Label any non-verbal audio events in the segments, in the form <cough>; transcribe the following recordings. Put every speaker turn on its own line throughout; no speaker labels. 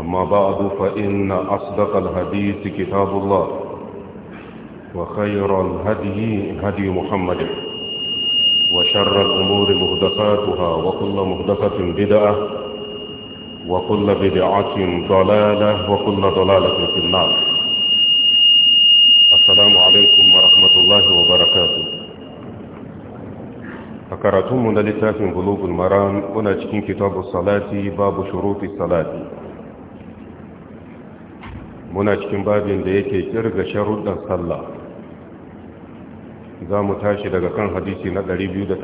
أما بعد فإن أصدق الحديث كتاب الله وخير الهدي هدي محمد وشر الأمور مهدفاتها وكل مهدفة بدعة وكل بدعة ضلالة وكل ضلالة في النار السلام عليكم ورحمة الله وبركاته فكرتم من لتاف قلوب المرام هنا كتاب الصلاة باب شروط الصلاة muna cikin babin da yake kirga sharuɗan sallah za mu tashi daga kan hadisi na 232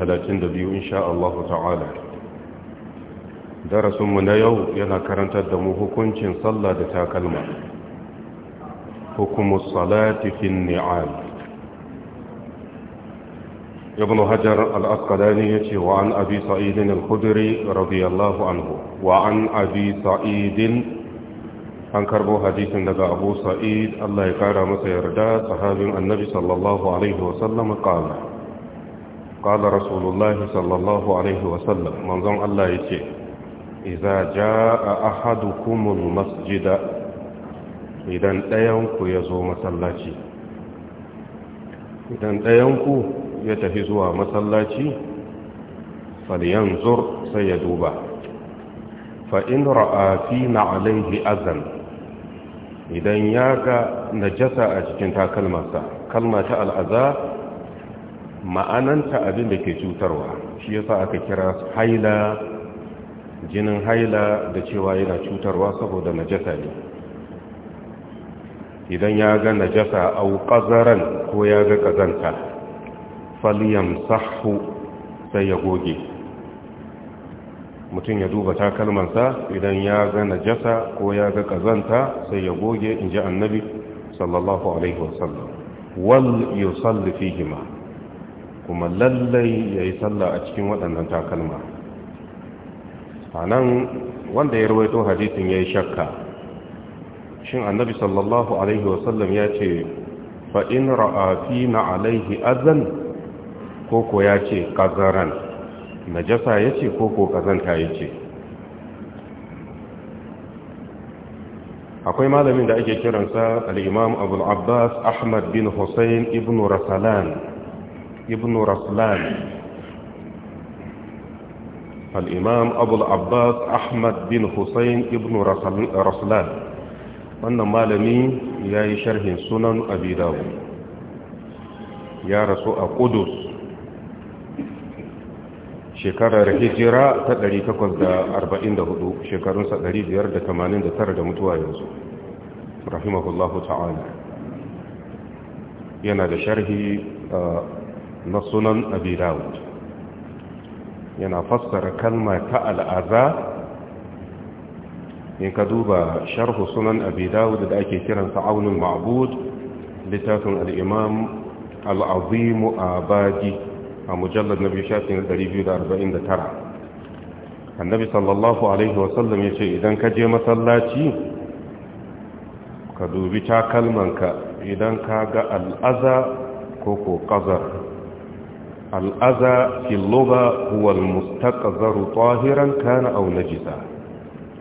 insha Allah ta'ala darasinmu na yau yana karantar da mu hukuncin sallah da takalma hukumus salati fi ni'al ibn hajar al-asqalani yace wa an abi sa'id al-khudri radiyallahu anhu wa an abi sa'id an karbo hadisin daga abu sa'id Allah ya kara masa yarda sahabin annabi sallallahu alaihi wasallam kala kala rasulullahi sallallahu alaihi wasallam manzon Allah ya ce iza ja'a ahadukumul masjida idan ɗayanku ya zo masallaci idan ɗayanku ya tafi zuwa masallaci falyanzur sai ya duba fa in ra'a fi na alaihi azan idan ya ga najasa a cikin takalmarsa kalma ta al'aza ma'ananta abin da ke cutarwa shi yasa aka kira haila jinin haila da cewa yana cutarwa saboda najasa ne idan ya ga najasa au ƙazaran ko ya ga ƙazanta falyam sahu sai ya goge mutum ya duba takalmansa idan ya ga najasa ko ya ga kazanta sai ya goge in ji annabi sallallahu alaihi wasallam wal yusalli fihima kuma lallai ya yi sallah a cikin waɗannan takalma a nan wanda ya rawaito hadisin ya yi shakka shin annabi sallallahu alaihi wasallam ya ce fa'in ra'afi na alaihi azan ko ko ya ce ƙazaran najasa ya ce ko ko kazanta ya ce akwai malamin da ake kiransa al'imam abul abbas ahmad bin hussein ibn rasalan ibn al'imam ahmad bin hussein ibn wannan malami ya yi sharhin sunan abidawu ya rasu a kudus shekarar hijira ta 844 shekarunsa 589 da mutuwa yanzu rahimahullahu ta'ala yana da sharhi uh, na sunan Abidawud. yana fassara kalma ta al'aza in ka duba sharhu sunan abi da ake kiransa aunin ma'bud littafin al'imam al'azimu abadi a mujallar na biyu shafin 249 annabi sallallahu alaihi wasallam ya ce idan ka je masallaci ka dubi takalmanka idan ka ga al'aza ko ko ƙazar al'aza filoba huwal mustaƙazaru tsohiran kana au najisa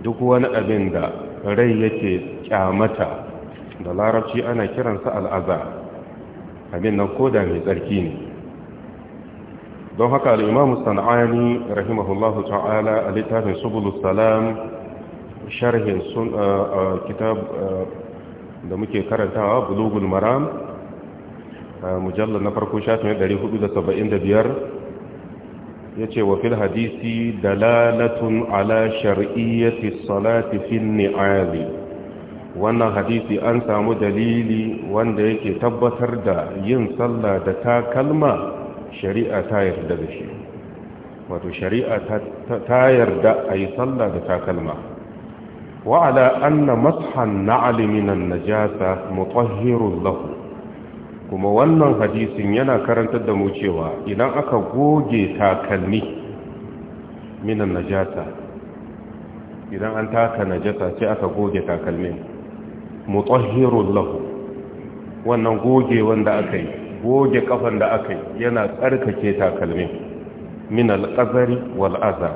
duk wani abin da rai yake kyamata da larabci ana kiransa al'aza abin nan koda mai tsarki ne don haka al'imamu sana'ani rahimahullahu ta'ala a littafin subulus salam sharhin sun kitab da muke karantawa bulugul maram mujallar na farko shafin 475 ya ce wa fil hadisi dalalatun ala shar'iyyati salati fin ni'ali wannan hadisi an samu dalili wanda yake tabbatar da yin sallah da takalma shari'a ta yarda da shi wato shari'a ta yarda a yi sallah da takalma wa'ala anna mashan na'ali minan najasa mutahhirun lahu kuma wannan hadisin yana karantar da mu cewa idan aka goge takalmi minan najasa idan an taka najasa sai aka goge takalmin mutahhirun lahu wannan goge wanda aka yi goge kafan da aka yi yana tsarkake takalmin min alƙazari wal'aza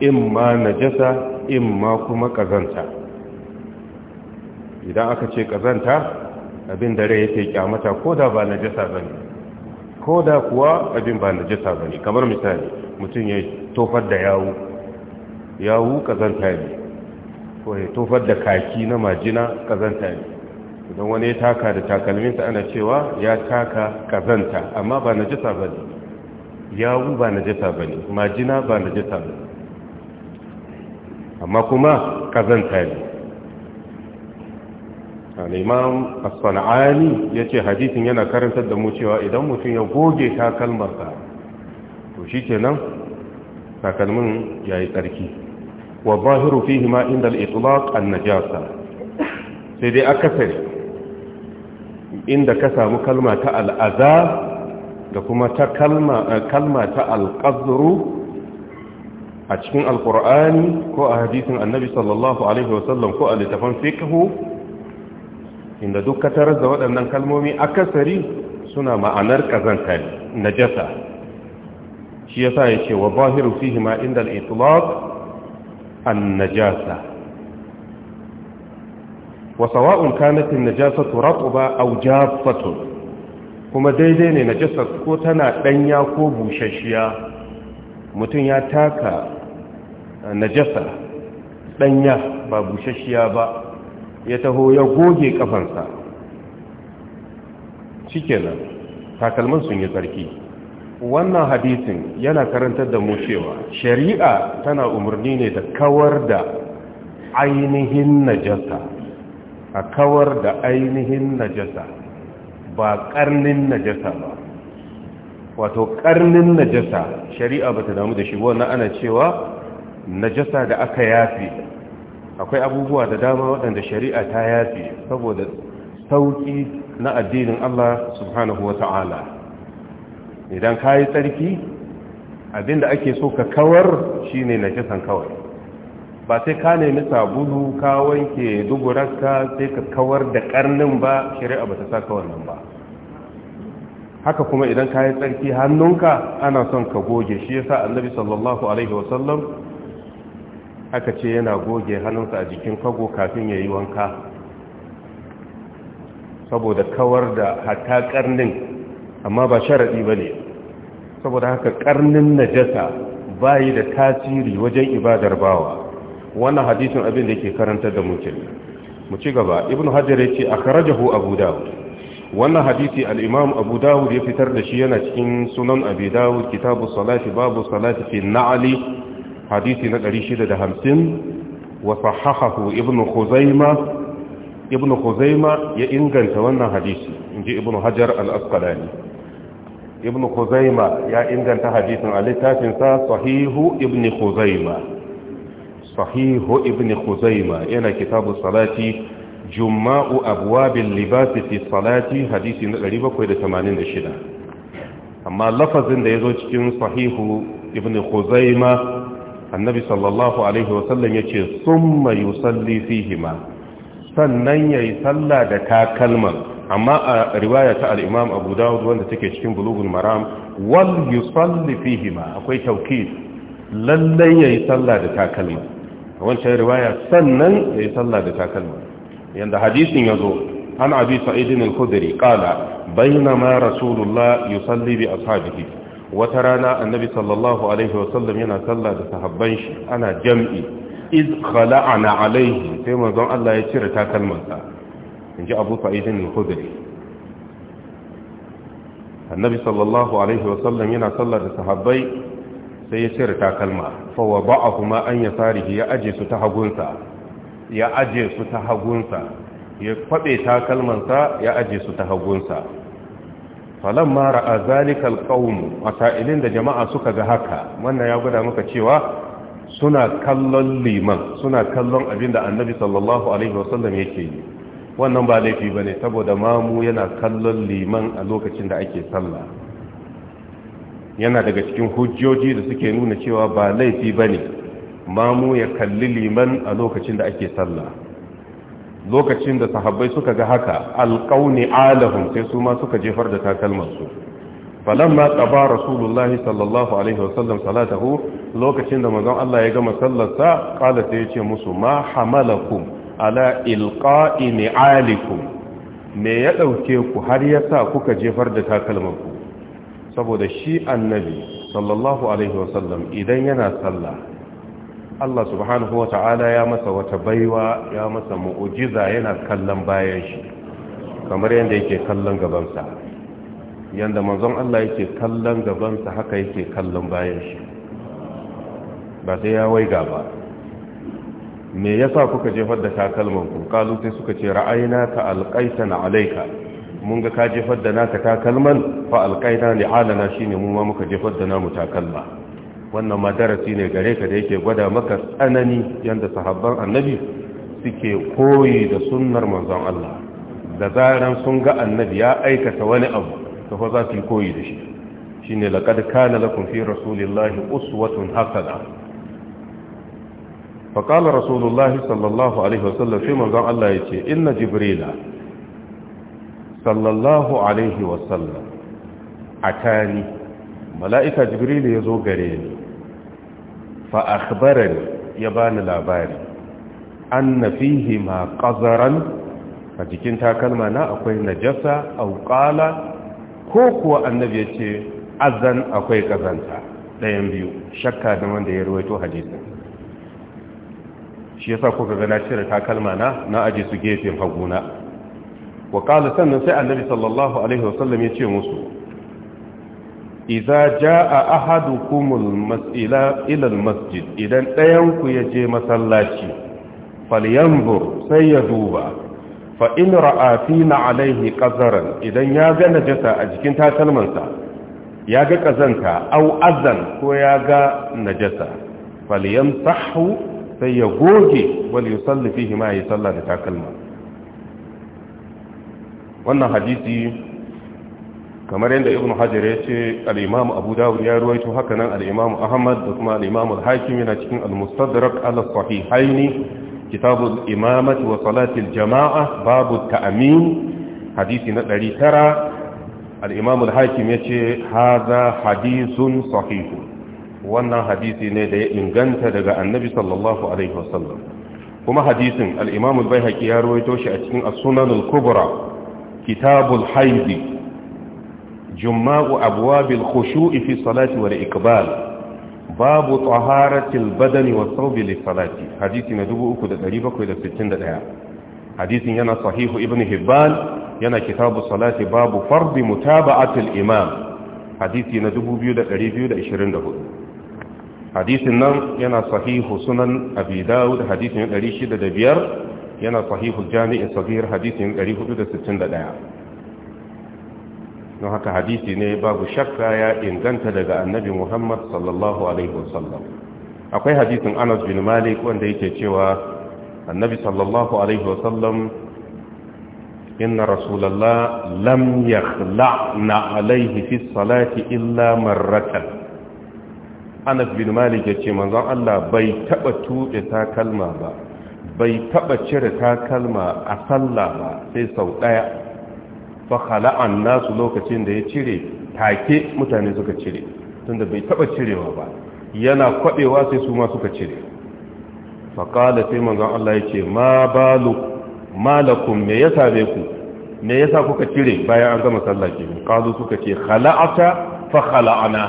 in ma najasa in ma kuma ƙazanta idan aka ce ƙazanta abin da rai yake kyamata ko da ba najasa ba ne ko da kuwa abin ba najasa ba ne kamar misali mutum ya tofar da yawu yawu ƙazanta ne ko ya tofar da kaki na majina ƙazanta ne idan wani ya taka da takalminsa ana cewa ya taka kazanta amma ba na jisa ba ne yawu ba na jisa ba ne majina ba na jisa ba ne amma kuma kazanta ne al'imam as asfana'ani ya ce hadisin yana karantar da mu cewa idan mutum ya goge takalmarsa to shi ke nan takalmin ya yi tsarki wa zahiru fi hima inda al'itulak an najasa sai dai aka akasari inda ka samu kalma ta al'aza da kuma ta kalma eh, ta alƙazuru a cikin alƙur'ani ko a hadisin annabi sallallahu alaihi wasallam ko a littafan fiqhu inda duk ka tarar da waɗannan kalmomi akasari suna ma'anar ƙazanta najasa shi yasa ya ce wa bahiru fihi ma inda al-itlaq an-najasa wasawa'un kanatin Najasa an ba au aw kuma daidai ne najasa ko tana ɗanya ko bushashiya mutum ya taka najasa ɗanya ba bushashiya ba ya taho ya goge kafansa shikenan takalman sun yi tsarki wannan hadisin yana karantar da mu cewa shari'a tana umarni ne da kawar da ainihin najasa a kawar da ainihin najasa ba karnin najasa ba wato karnin najasa shari'a ba ta damu da shi wannan ana cewa najasa da aka yafi akwai abubuwa da dama waɗanda shari'a ta yafi saboda sauƙi na addinin Allah subhanahu wa ta'ala idan ka yi tsarki abinda ake so ka kawar shi shine najasan kawai ba sai ka nemi sabulu ka wanke duburarka sai ka kawar da karnin ba shari'a ba ta kawar nan ba haka kuma idan ka yi tsarki hannunka ana son ka goge shi yasa annabi sallallahu alaihi wasallam aka ce yana goge hannunsa a jikin kago kafin ya yi wanka saboda kawar da hata karnin amma ba sharaɗi ba ne saboda haka karnin najasa bayi da tasiri wajen ibadar bawa wannan hadisin abin da yake karantar da mutum mu ci gaba ibnu hajar yace akhrajahu abu dawud wannan hadisi al-imam abu dawud ya fitar da shi yana cikin sunan abi dawud kitabu salati babu salati fi na'li hadisi na 650 wa sahahahu ibnu khuzaima ibnu khuzaima ya inganta wannan hadisi inji ibnu hajar al-asqalani ibnu khuzaima ya inganta hadisin a littafinsa sahihu ibnu khuzaima sahihu ibn khuzaima yana kitabu salati juma'u abwabil libas salati hadisi na 786 amma lafazin da ya zo cikin sahihu ibn khuzaima annabi sallallahu alaihi wasallam yace summa yusalli fihima sannan yayi sallah da takalman amma a riwaya ta al abu dawud wanda take cikin bulughul maram wal yusalli fihima akwai tawkid lallai yayi sallah da takalman a wancan riwaya sannan ya yi sallah da takalma yadda hadisin ya zo an abi sa'idin al-khudri qala bainama rasulullah yusalli bi ashabihi wata rana annabi sallallahu alaihi wa sallam yana sallah da sahabban shi ana jam'i iz khala'ana alaihi sai manzon Allah ya cire takalmansa inji abu sa'idin al-khudri annabi sallallahu alaihi wa sallam yana sallah da sahabbai sai ya cire takalma fa wa kuma an yasarihi ya aje su ta hagunsa ya aje su ta hagunsa ya kwabe takalmansa ya aje su ta hagunsa a ra'a zalika a sa’ilin da jama'a suka ga haka wannan ya gwada maka cewa suna kallon liman suna kallon abinda annabi sallallahu alaihi wasallam yake yi wannan ba laifi ba bane saboda mamu yana kallon liman a lokacin da ake sallah yana daga cikin hujjoji da suke nuna cewa ba laifi ba ne mamu ya kalli liman a lokacin da ake sallah lokacin da sahabbai suka ga haka alƙauni alahun sai su ma suka jefar da takalmarsu falamma qaba rasulullahi sallallahu alaihi wasallam salatahu lokacin da manzon Allah ya gama sallarsa qala sai yace musu ma hamalakum ala ilqa'i ni'alikum me ya dauke ku har yasa kuka jefar da takalmarku? saboda shi annabi sallallahu alaihi wasallam idan yana sallah Allah subhanahu wa ta'ala ya masa wata baiwa ya masa mu'ujiza yana kallon bayan shi kamar yadda yake kallon gabansa yadda manzon Allah yake kallon gabansa haka yake kallon bayan shi ba sai ya waiga ba me yasa kuka jefar da takalmanku kalu sai suka ce ra'ayina ka alqaitana alaika. mun ga ka jefar da ka takalman fa alqaina li halana ne mun ma muka jefar da namu takalma wannan ma darasi ne gare ka da yake gwada maka tsanani yanda sahabban annabi suke koyi da sunnar manzon Allah da zaran sun ga annabi ya aikata wani abu to fa za su yi koyi da shi shine laqad kana lakum fi rasulillahi uswatun hasana فقال رسول الله صلى الله عليه وسلم في منظر الله يتي إن sallallahu alaihi wasallam a tani mala'ika jibril ya zo gare ni fa akhbarani ya bani labari an na fihi ma ƙazaran a jikin takalma na akwai najasa auƙala ko kuwa annabi ya ce azan akwai ƙazanta ɗayan biyu shakka da wanda ya ruwaito hadisun shi yasa kuka gana cire takalma na na aji su gefen haguna wa kala sannan sai annabi sallallahu alaihi wasallam ya ce musu iza jaa ahadukumul mas'ila ila masjid idan ɗayan ku ya je masallaci falyanzur sai ya duba fa in ra'a fina alaihi qazaran idan ya ga najasa a jikin takalmansa ya ga kazanta au azan ko ya ga najasa falyamsahu sai ya goge wal yusalli fihi ma yusalla da takalmansa wannan hadisi kamar yadda ibn hajar ya ce al abu dawud ya ruwaito haka nan ahmad da kuma al al-hakim yana cikin al-mustadrak ala sahihaini kitabul imamati wa salatil jama'a babu ta'amin hadisi na 900 tara imam al-hakim ya ce haza hadithun sahihun wannan hadisi ne da ya inganta daga annabi sallallahu alaihi wasallam kuma hadisin al-imam al ya ruwaito shi a cikin as-sunan al-kubra kitabul haidi juma'u abwabil khushu'i fi salati wal ikbal babu taharatil badani wa thawbi li salati hadisi na 3761 hadisin yana sahihu ibn hibban yana kitabu salati babu fardi mutaba'atil imam hadisi na 2224 hadisin nan yana sahihu sunan abi dawud hadisin 605 yana sahihul jami'in sahihar hadisin 461 don haka hadisi ne babu shakka ya inganta daga annabi muhammad sallallahu alaihi wasallam akwai hadisin anas bin malik wanda yake cewa annabi sallallahu alaihi wasallam inna rasulallah lam yakhla'na alaihi fi salati illa marratan anas bin malik yace manzon Allah bai taba tuɗe kalma ba bai taba cire takalma a sallah ba sai sau daya fa khala'an nasu lokacin da ya cire take mutane suka cire tunda bai taba cirewa ba yana kwabewa sai su ma suka cire fa qala sai manzon Allah yace ma balu malakum me ya same ku me yasa kuka cire bayan an gama sallah ke? qalu suka ce khala'ata fa khala'ana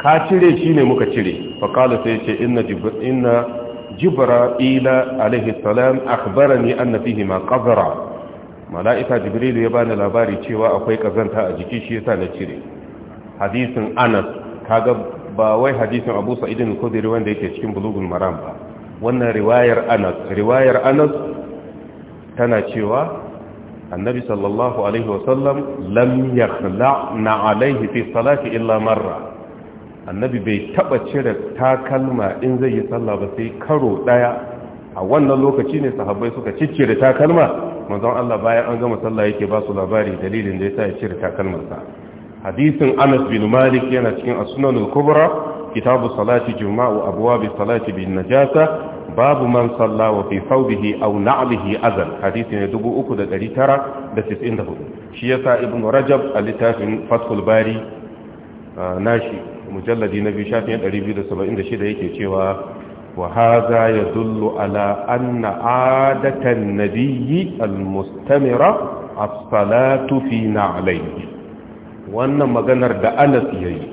ka cire shine muka cire fa qala sai yace inna inna جبرائيل عليه السلام أخبرني أن فيهما قذرة ملائكة جبريل يبان الأباري تشيوى أخوي قذنتها أجيكي شيطان تشيري حديث أنس كاغب باوي حديث أبو سعيد الخدري وان ديكي تشكين بلوغ المرام وانا رواية أنس رواية أنس تنا تشيوى النبي صلى الله عليه وسلم لم يخلعن عليه في الصلاة إلا مرة annabi bai taba cire takalma in zai yi sallah ba sai karo daya a wannan lokaci ne sahabbai suka ciccire takalma manzon Allah bayan an gama sallah yake ba su labari dalilin da yasa ya cire takalmarsa. hadisin Anas bin Malik yana cikin as al-Kubra kitabu salati juma'u abwab salati bin najasa babu man salla wa fi thawbihi aw na'lihi azan hadisi ne 3994 shi yasa ibnu rajab al-litafin fathul bari ah, nashi mujalladi na biyu shafin 276 yake cewa wa haza yadullu ala anna adatan nabiyyi almustamira as-salatu fi wannan maganar da Anas yayi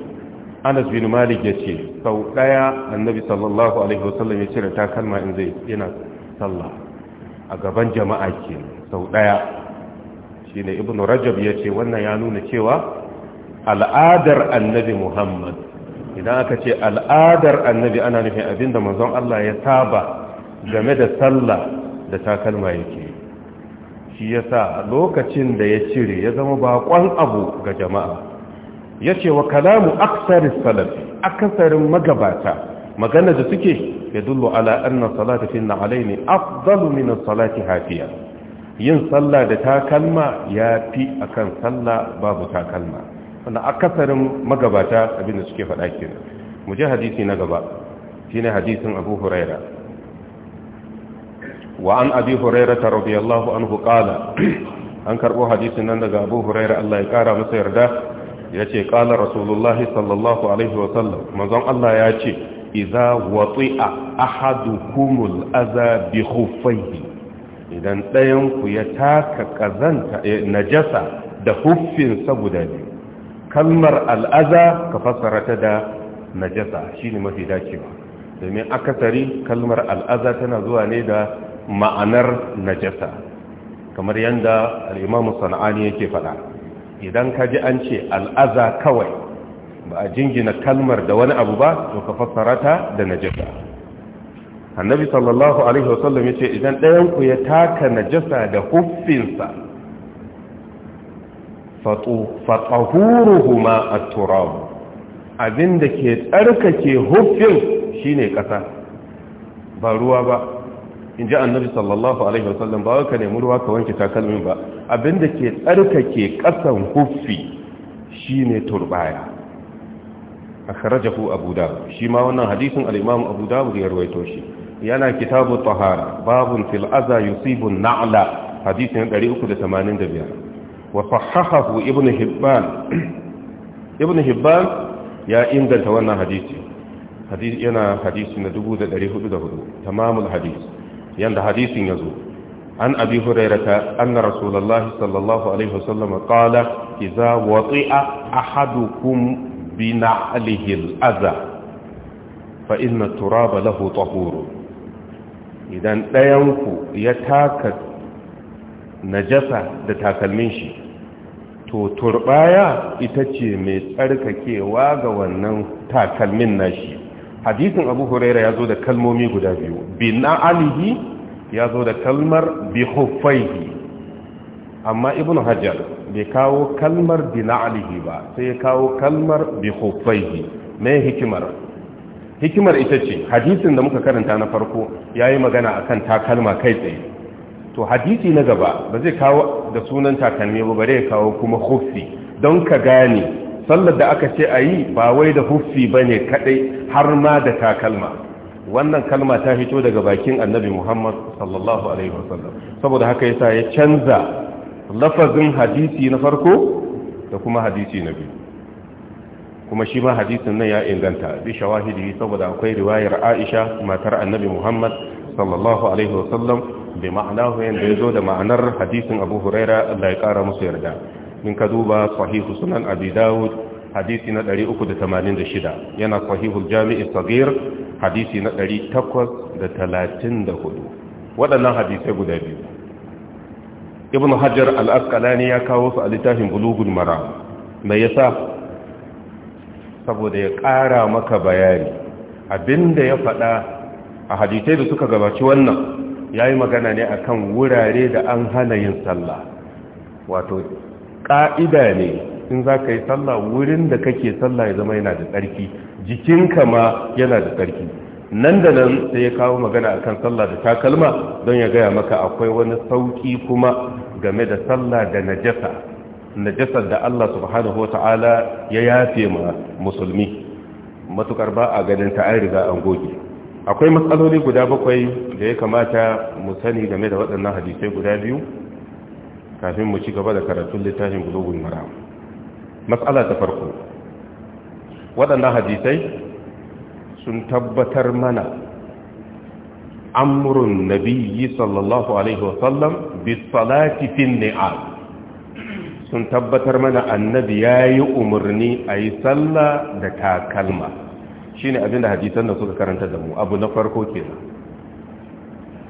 Anas bin Malik ce sau daya annabi sallallahu alaihi wasallam ya cire takalma in zai yana sallah a gaban jama'a ke sau daya shine ibnu rajab yace wannan ya nuna cewa al'adar annabi Muhammad idan aka ce al'adar annabi ana nufin abinda manzon Allah ya saba game da sallah da takalma yake shi yasa lokacin da ya cire ya zama bakon abu ga jama'a yace wa kalamu aksaris salafi akasarin magabata magana da suke yadullu ala anna salata fi alaini, afdalu min salati hafiya yin sallah da takalma yafi akan sallah babu takalma wanda akasarin magabata abinda suke faɗa kenan mu hadisi na gaba shine hadisin Abu Huraira wa an Abi Huraira radiyallahu anhu qala an karɓo hadisin nan daga Abu Huraira Allah ya kara masa yarda ce ƙala Rasulullahi sallallahu alaihi wa sallam Allah ya ce a ahadu ahadukumul aza bi hufai, idan ɗayanku ya taka ƙazanta eh, najasa da huffinsa guda biyu kalmar al'aza ka fassara ta da najasa shine mafi dacewa domin akasari kalmar al'aza tana zuwa ne da ma'anar najasa kamar yadda al'imamu sana'ani yake faɗa idan ka ji an ce al'aza kawai ba a jingina kalmar da wani abu ba to ka fassara ta da najasa annabi sallallahu alaihi wasallam ya ce idan ɗayanku ya taka najasa da huffinsa fatahuruhuma at-turab abinda ke tsarkake huffin shine kasa ba ruwa ba inji annabi sallallahu alaihi wasallam ba ka nemi ruwa ka wanke takalmin ba abinda ke tsarkake kasan huffi shine turbaya akhrajahu abu dawud shima wannan hadisin al-imam abu dawud ya rawaito shi yana kitabu tahara babun fil adha yusibu an-na'la hadisin 385 wa sahahahu ibn hibban ibn hibban ya inganta wannan hadisi hadisi yana hadisi na 1404 tamamul hadis yanda hadisin zo. an abi hurairata anna rasulullah sallallahu alaihi wasallam qala idza wati'a ahadukum bi na'lihi al-adha fa inna turaba lahu tahur idan dayanku ya taka najasa da takalmin shi to turbaya ita ce mai tsarkakewa ga wannan takalmin nashi hadisin abu huraira ya zo da kalmomi guda biyu bi na'alihi ya zo da kalmar bi huffaihi amma ibn hajjar bai kawo kalmar bi na'alihi ba sai ya kawo kalmar bi huffaihi mai hikimar hikimar ita ce hadisin da muka karanta na farko ya yi magana a kan takalma kai tsaye to hadisi na gaba ba zai kawo da sunan takalmi ba bare ya kawo kuma huffi don ka gane sallar da aka ce a yi ba wai da huffi bane ne kaɗai har ma da takalma wannan kalma ta fito daga bakin annabi muhammad sallallahu alaihi wasallam saboda haka yasa ya canza lafazin hadisi na farko da kuma hadisi na biyu kuma shi ma hadisin nan ya inganta bi shawahidi saboda akwai riwayar aisha matar annabi muhammad sallallahu alaihi wasallam bi ma'anahu yanda ya zo da ma'anar hadisin abu huraira Allah ya kara musu yarda in ka duba sahihu sunan abi dawud hadisi na 386 yana sahihul jami'i sagir hadisi na 834 waɗannan hadisai guda biyu ibn hajar al-asqalani ya kawo su a littafin bulugul maram me yasa saboda ya ƙara maka bayani abinda ya faɗa a hadisai da suka gabaci wannan Ya yi magana ne akan wurare da an hana yin sallah wato ƙa'ida ne in za ka yi sallah wurin da kake sallah ya zama yana da tsarki jikinka ma yana da tsarki nan da nan sai ya kawo magana akan sallah da takalma don ya gaya maka akwai wani sauki kuma game da sallah da najasa najasar da Allah subhanahu wata'ala ya yafe ma musulmi matukar ba a ganin ta an riga an goge akwai matsaloli guda bakwai da ya kamata mu sani game da waɗannan hadisai guda biyu kafin mu ci gaba da karatun littafin bulugun mara matsala ta farko waɗannan hadisai sun tabbatar mana amurin nabiyyi sallallahu alaihi wasallam bisalati fin sun tabbatar mana annabi ya yi umarni a yi sallah da takalma shine abin da hadisan da suka karanta da mu abu na farko kenan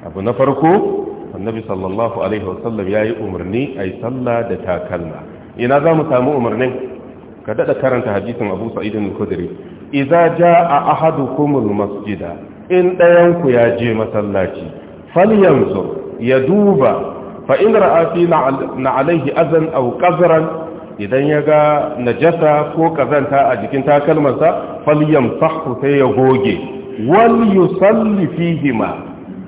abu na farko annabi sallallahu alaihi wasallam yayi umarni ai sallah da takalma ina zamu samu umarnin ka dada karanta hadisin Abu Sa'id al-Khudri idza jaa kumul masjida in dayan ku ya je masallaci falyanzur ya duba fa in ra'a fi na alaihi azan aw qazran idan ya ga najasa ko kazanta a jikin takalmansa falyam sahu sai ya goge wal yusalli fihima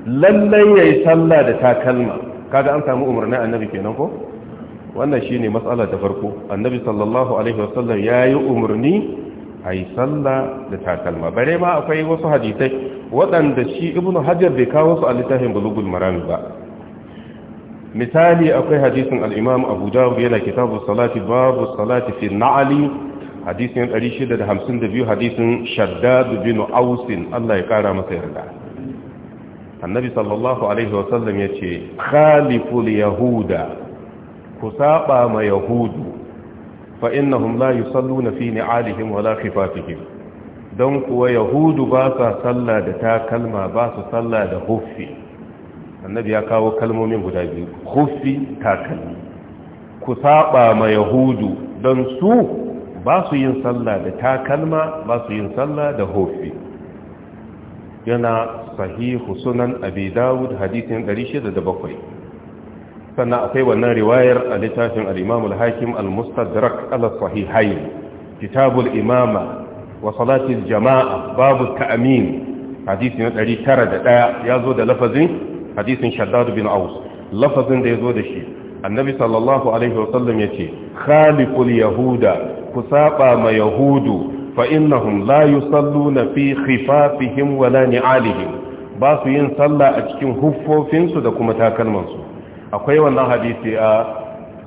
lallai yayi sallah da takalma kaga an samu umarnin annabi kenan ko wannan shine matsala ta farko annabi sallallahu alaihi wasallam yayi umarni ayi salla da takalma bare ma akwai wasu hadisai waɗanda shi ibnu hajar bai kawo su a littafin bulugul marami ba misali akwai hadisin alimam abu dawud yana kitabu salati babu salati fi na'ali hadisin 652 hadisin shaddad bin ausin Allah ya kara masa yarda annabi sallallahu alaihi wa sallam yace khaliful yahuda ku saba ma yahudu fa innahum la yusalluna fi ni'alihim wala khifatihim don kuwa yahudu ba sa da takalma ba su sallah da huffi annabi ya kawo kalmomin guda biyu kufi takalmi ku saba ma yahudu don su ba su yin sallah da takalma ba su yin sallah da hufi yana sahihu sunan abi dawud da 607 sannan akwai wannan riwayar a littafin al al-hakim al-mustadrak al sahihain kitabul imama wa salatil jama'a babu ta'amin hadisi na 901 ya zo da lafazin hadisin shaddad bin aus lafazin da ya zo da shi annabi sallallahu alaihi wasallam ya ce khaliful yahuda ku saba ma yahudu fa innahum la yusalluna fi khifafihim wala ni'alihim ba su yin sallah a cikin huffofinsu da kuma takalmansu akwai wannan hadisi a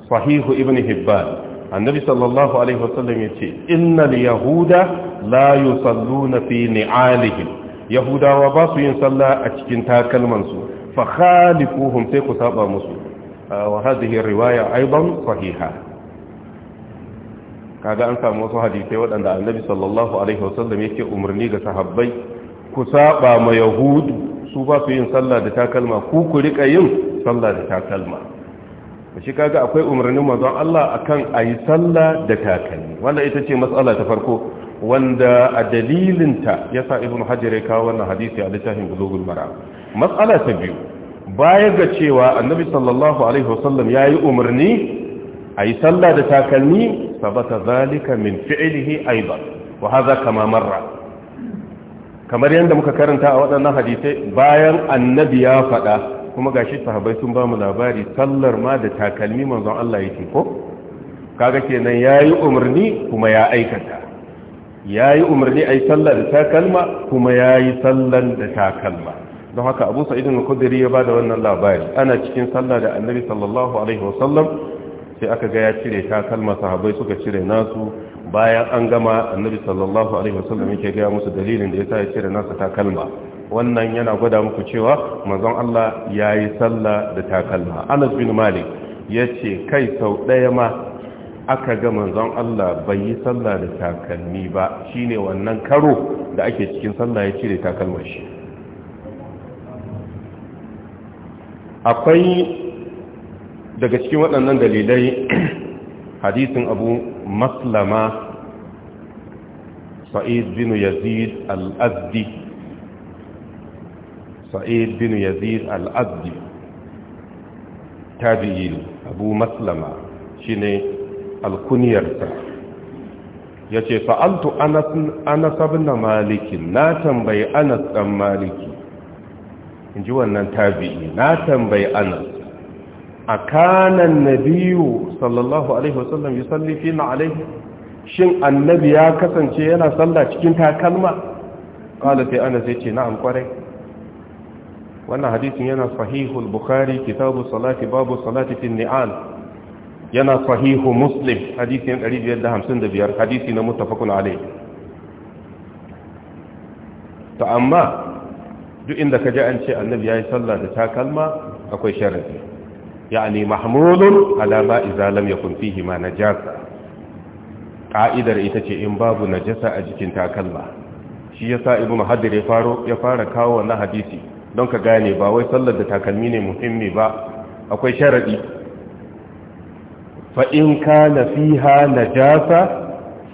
sahihu ibn hibban annabi sallallahu alaihi wasallam ya ce innal yahuda la yusalluna fi ni'alihim yahudawa ba su yin sallah a cikin takalmansu fa khaliquhum sai ku saba musu ah, wa hadhihi riwaya aidan sahiha kaga an samu wasu hadisai waɗanda annabi sallallahu alaihi wasallam yake umarni ga sahabbai ku saba ma Yahud su ba su yin sallah da takalma ku ku rika yin sallah da takalma shi kaga akwai umarnin manzon Allah akan ayi sallah da takalmi wanda ita ce matsala ta farko wanda a dalilinta yasa ibnu hajar ya kawo wannan hadisi a littafin bulugul maram matsala ta biyu baya ga cewa annabi sallallahu alaihi wasallam ya yi umarni a yi sallah da takalmi sabata zalika min fi'ilihi aiba wa haza kama marra kamar yadda muka karanta a waɗannan hadisai bayan annabi ya faɗa kuma gashi sahabai sun ba mu labari sallar ma da takalmi manzon Allah yake ko kaga kenan yi umarni kuma ya aikata yayi umarni ayi sallar da takalma kuma yayi sallar da takalma don haka abu sa'idin al-khudri ya bada wannan labari ana cikin sallah da annabi sallallahu alaihi wasallam sai aka ga ya cire takalma sahabbai suka cire nasu bayan an gama annabi sallallahu alaihi wasallam yake ga musu dalilin da yasa ya cire nasu takalma wannan yana gwada muku cewa manzon Allah yayi sallah da takalma Anas bin Malik yace kai sau daya ma aka ga manzon Allah bai yi sallah da takalmi ba shine wannan karo da ake cikin sallah ya cire takalmar shi akwai daga cikin waɗannan dalilai <clears throat> hadisin abu maslama sa'id bin yazid al-azdi sa'id bin yazid al-azdi tabi'in abu maslama shine alkuniyarta. ya ce fa'altu anas bin malikin na tambayi anas dan maliki in ji wannan tabi'i na tambayi anas a kanan na biyu, sallallahu alaihi wasallam yi sallifi na alaihi shin annabi ya kasance yana salla cikin takalma ƙala sai anas ya ce na'am kwarai wannan hadisin yana sahihul bukhari kitabu salati babu salati fin ni'al yana sahihu muslim hadisin 555 hadisi na mutafakun alaihi ta amma duk inda ka ji an ce annabi yi sallah da takalma akwai sharadi yani mahmulun ala ma ya lam yakun fihi ma najasa ka'idar ita ce in babu najasa a jikin takalma shi yasa ibnu hadir ya faro ya fara kawo wannan hadisi don ka gane ba wai sallar da takalmi ne muhimmi ba akwai sharaɗi fa in kana fiha najasa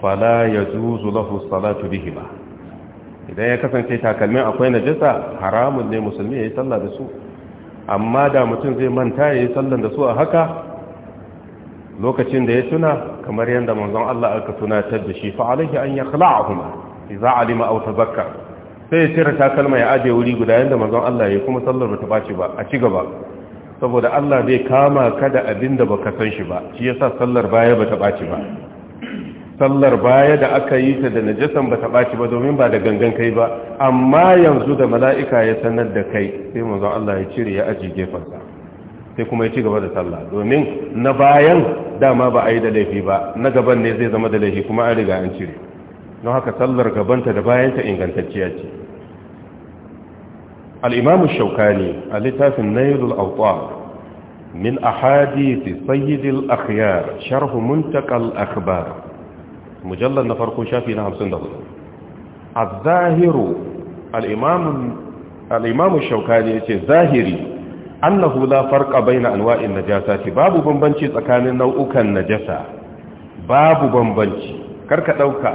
fala yajuzu lahu salatu bihima idan ya kasance takalmin akwai najasa haramun ne musulmi ya yi sallah da su amma da mutum zai manta ya yi sallar da su a haka lokacin da ya tuna kamar yadda manzon Allah aka tunatar da shi fa alaihi an yakhla'ahuma idza alima aw tazakkar sai ya cire takalma ya aje wuri guda yadda manzon Allah ya kuma sallar ba ta bace ba a ci gaba saboda Allah zai kama ka da abin da baka san shi ba shi yasa sallar baya ba ta bace ba sallar baya da aka yi ta da najasan ba ta ɓaci ba domin ba da gangan kai ba amma yanzu da mala'ika ya sanar da kai sai manzo Allah ya cire ya aji gefensa sai kuma ya ci gaba da sallah domin na bayan dama ba a yi da laifi ba na gaban ne zai zama da laifi kuma an riga an cire don haka sallar gabanta da bayanta ingantacciya ce al'imamu shaukani a littafin nailul min a أحاديث Sayyidil الأخيار Sharhu, Muntakal, Akbar. mujallar na farko shafi na 54 az-zahiru al-imam al-imam shaukani yace zahiri annahu la farqa baina anwa'in najasati babu bambanci tsakanin nau'ukan najasa babu bambanci karka dauka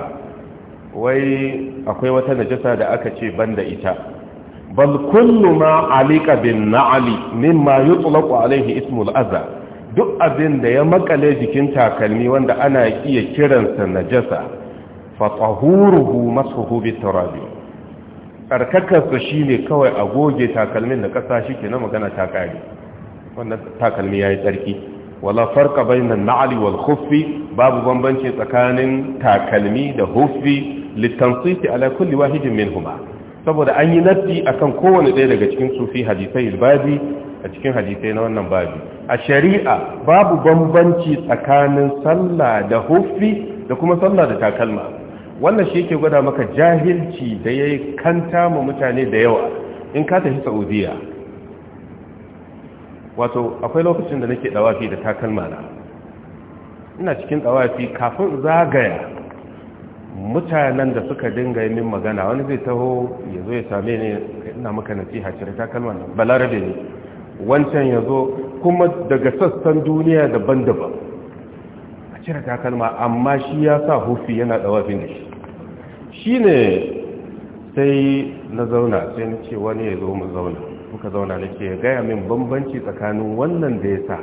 wai akwai wata najasa da aka ce banda ita bal kullu ma alika bin na'li mimma yutlaqu alayhi ismul adha duk abin da ya makale jikin takalmi wanda ana iya kiransa najasa fatahuruhu masuhu biturabi shi shine kawai a goge takalmin da kasa shike na magana ta wannan takalmi yayi tsarki wala farka bainan na'li wal khuffi babu bambanci tsakanin takalmi da hufi litansiti ala kulli wahidin huma saboda an yi nafi akan kowane ɗaya daga cikin sufi hadisai al-babi a cikin hadisai na wannan babi a shari'a babu bambanci tsakanin sallah da huffi da kuma sallah da takalma wannan shi yake gwada maka jahilci da yayi kanta ma mutane da yawa in ka tafi Saudiya wato akwai lokacin da nake dawafi da takalma na ina cikin dawafi kafin zagaya mutanen da suka dinga yi min magana wani zai taho ya zo ya same ne ina maka nasiha cire takalman balarabe ne wancan ya zo kuma daga sassan duniya daban-daban a cire takalma amma shi ya sa hufi yana dawafin da shi shi ne sai na zauna sai na ce wani ya zo mu zauna muka zauna na ce gaya min bambanci tsakanin wannan da ya sa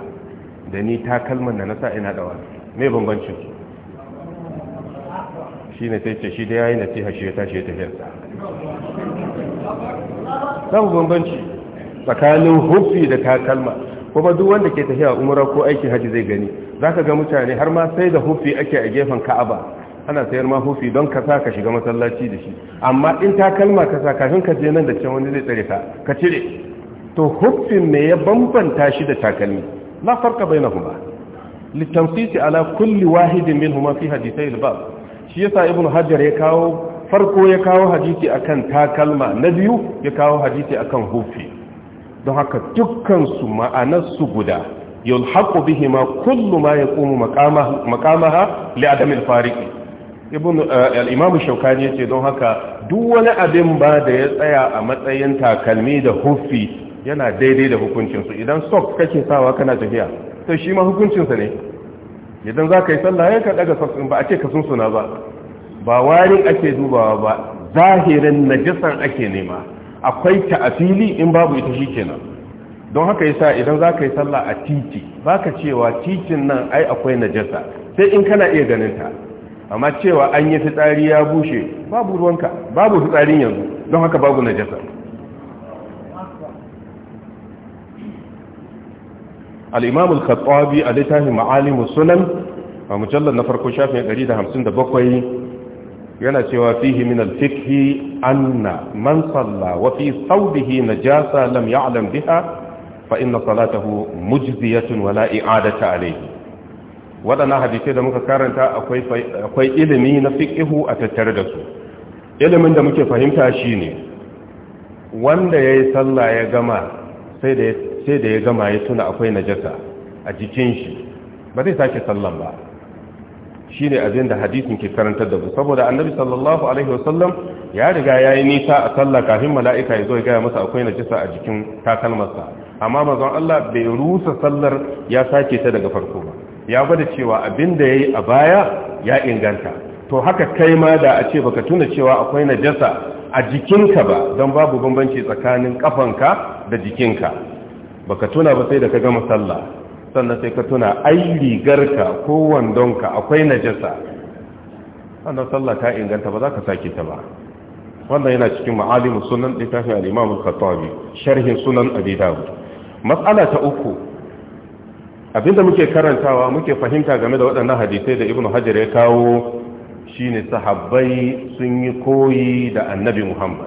da ni takalman da na sa ina dawafi mai bambancin shi ne sai ce shi da ya yi na ce hashe ya tashi ya tafiyarsa samun bambanci tsakanin hufi da takalma kuma duk wanda ke tafiya umarar ko aikin haji zai gani zaka ga mutane har ma sai da hufi ake a gefen Ka'aba ana sayar ma hufi don ka sa ka shiga masallaci da shi amma in takalma ka sa kafin ka je nan da can wani zai tsare ka ka cire to hufin me ya bambanta shi da takalmi la na bainahuma litamsisi ala kulli wahidin huma fi hadisai shi yasa ibnu hajar ya kawo farko ya kawo hadisi akan takalma na biyu ya kawo hadisi akan hufi don haka dukkansu ma'anarsu guda bihi ma kullu ma ya maqamaha maqamaha li adamil fariki ibn eh, al’imamu shaukani ya ce don haka duk wani abin ba da ya tsaya a matsayin takalmi da hufi yana daidai da hukuncinsu idan sok kake sawa kana tafiya to shi ma hukuncinsa ne idan za ka yi sallah ya ka daga ba a ce ka suna ba ba warin ake dubawa ba zahirin najisan ake nema akwai ta a in babu ita shi kenan don haka yasa idan za ka yi sallah a titi baka cewa titin nan ai akwai najasa sai in kana iya ganin ta amma cewa an yi fitsari ya bushe babu ruwanka babu fitsarin yanzu don haka babu najasa al-imam al-khattabi a littafin ma'alimus sunan a mujallar na farko shafin 157 yana cewa fihi min al anna man salla wa fi thawbihi najasa lam ya'lam biha fa inna salatahu mujziyatun wa la i'adata alayhi wadannan hadisi da muka karanta akwai akwai ilimi na fikihu a tattare da su ilimin da muke fahimta shine wanda yayi sallah ya gama sai da sai da ya gama ya tuna akwai najasa a jikin shi ba zai sake sallan ba Shi ne abin da hadisin ke karantar da mu saboda annabi sallallahu alaihi wasallam ya riga ya yi nisa a sallah kafin mala'ika ya zo ya ga masa akwai na jisa a jikin takalmarsa amma manzon Allah bai rusa sallar ya sake ta daga farko ba ya gwada cewa abin da ya yi a baya ya inganta to haka kai ma da a ce baka tuna cewa akwai na najasa a jikinka ba don babu bambanci tsakanin kafanka da jikinka baka tuna ba sai da ka gama sallah sannan sai ka tuna ai rigarka ko wandonka akwai najasa wannan sallah ta inganta ba za ka sake ta ba wannan yana cikin ma'alimu sunan littafin al khattabi sharhin sunan abi dawud mas'ala ta uku abinda muke karantawa muke fahimta game da waɗannan hadisai da ibnu hajar ya kawo shine sahabbai sun yi koyi da annabi muhammad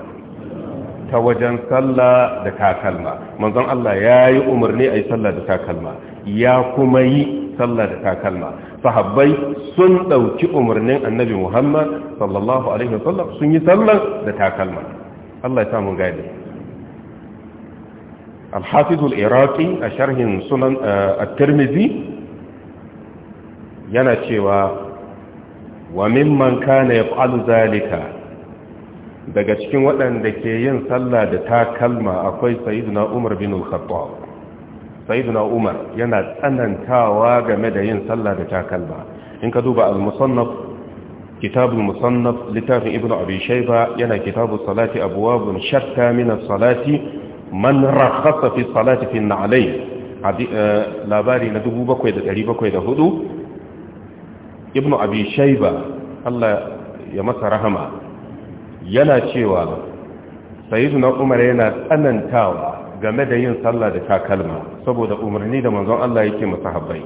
ta wajen sallah da takalma manzon Allah ya yi umarni a yi sallah da takalma ya kuma yi sallah da takalma sahabbai sun ɗauki umarnin annabi muhammad sallallahu alaihi wasallam sun yi sallah da takalma Allah ya samu gadi a العراقي sunan, سنن eh, الترمذي yana cewa wa mimman kana yaf'alu zalika daga cikin waɗanda ke yin sallah da takalma akwai na Umar bin Al-Khattab sayyiduna umar yana tsanantawa game da yin sallah da takalma in ka duba al-musannaf kitabul musannaf littafin ibnu abi shayba yana kitabus salati abwabun shatta min as-salati man rakhasa fi salati fi an-na'lay labari na 7704 ibnu abi shayba Allah ya masa rahama yana cewa sayyiduna umar yana tsanantawa game da yin sallah da takalma saboda umarni da manzon Allah yake masahabbai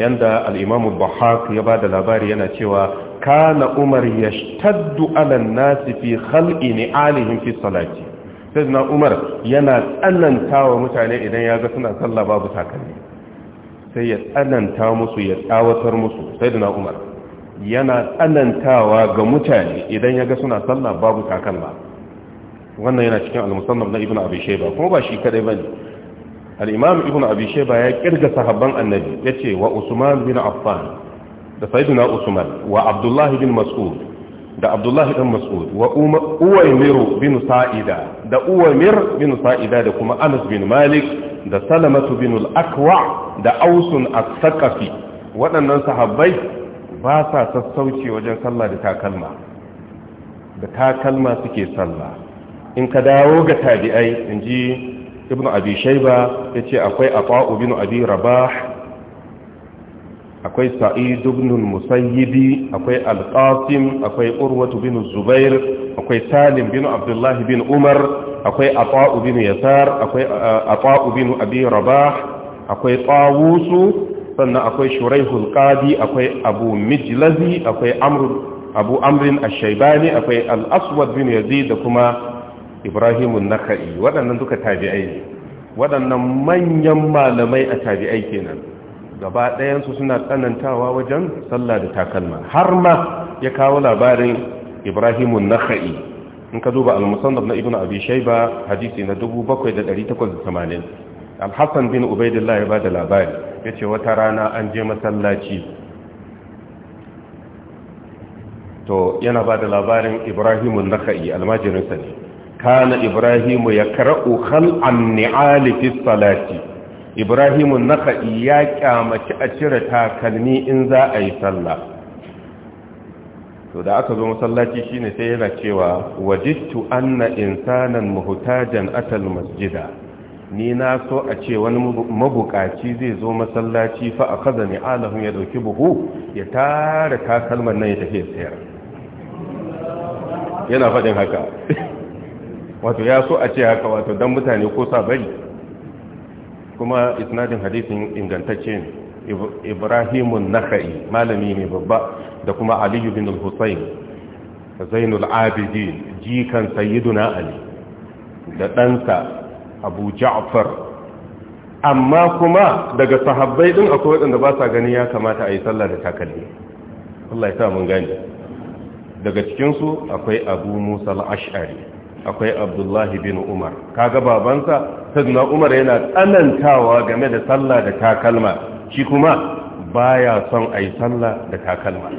yanda al-Imam al-Bahaq ya bada labari yana cewa kana Umar yashtaddu 'ala an-nasi fi khalqi ni'alihim fi salati sayyidina Umar yana tsanantawa mutane idan ya ga suna sallah babu takalmi sai ya tsallanta musu ya tsawatar musu sayyidina Umar yana tsanantawa ga mutane idan ya ga suna sallah babu takalma wannan yana cikin al-musannaf na ibnu abi shayba kuma ba shi kadai bane al-imam ibnu abi shayba ya kirga sahabban annabi yace wa usman bin affan da sayyidina usman wa abdullah bin mas'ud da abdullah bin mas'ud wa uwaymir bin sa'ida da uwaymir bin sa'ida da kuma anas bin malik da salamatu bin al-akwa da ausun as-saqafi waɗannan sahabbai ba sa sassauci wajen sallah da takalma da takalma suke sallah in ka dawo ga tabi'ai in ji ibn abi shaiba ya ce akwai afa'u bin abi rabah akwai sa'id ibn musayyibi akwai alqasim akwai urwatu bin zubair akwai salim bin abdullah bin umar akwai afa'u bin yasar akwai uh, afa'u bin abi rabah akwai tawusu sannan akwai shuraihul qadi akwai abu mijlazi akwai amr abu amrin ash-shaybani akwai al-aswad bin yazid da kuma ibrahimun naka'i waɗannan duka tabi'ai ne waɗannan manyan malamai a tabi'ai kenan gaba ɗayansu suna tsanantawa wajen sallah da takalma har ma ya kawo labarin ibrahimun naka'i in ka duba al na ibnu abi shayba hadisi na 7880 al-hasan bin ubaidillah ya bada labari yace wata rana an je masallaci to yana bada labarin ibrahimun naka'i almajirinsa ne kana ibrahimu ya kara'u khal'an ni'ali fi salati ibrahimu naka'i ya kyamaci a cire takalmi in za a yi sallah to da aka zo masallaci shine sai yana cewa wajidtu anna insanan muhtajan atal masjida ni na so a ce wani mabukaci zai zo masallaci fa ni alahu ya dauki buhu ya tara takalman nan ya tafi sayar yana faɗin haka <laughs> wato ya so a ce haka wato dan mutane ko sabari kuma isnadin hadisin ingantacce ne ibrahimun naka'i malami ne babba da kuma aliyu bin al-husayn zainul abidin jikan sayyiduna ali da ɗansa abu ja'far amma kuma daga sahabbai din akwai waɗanda ba sa gani ya kamata a yi sallah da takalmi Allah ya sa mun gani daga cikinsu akwai abu musa al-ash'ari akwai abdullahi bin umar kaga babansa sayyidina umar yana tsanantawa game da sallah da takalma shi kuma baya son ayi sallah da takalma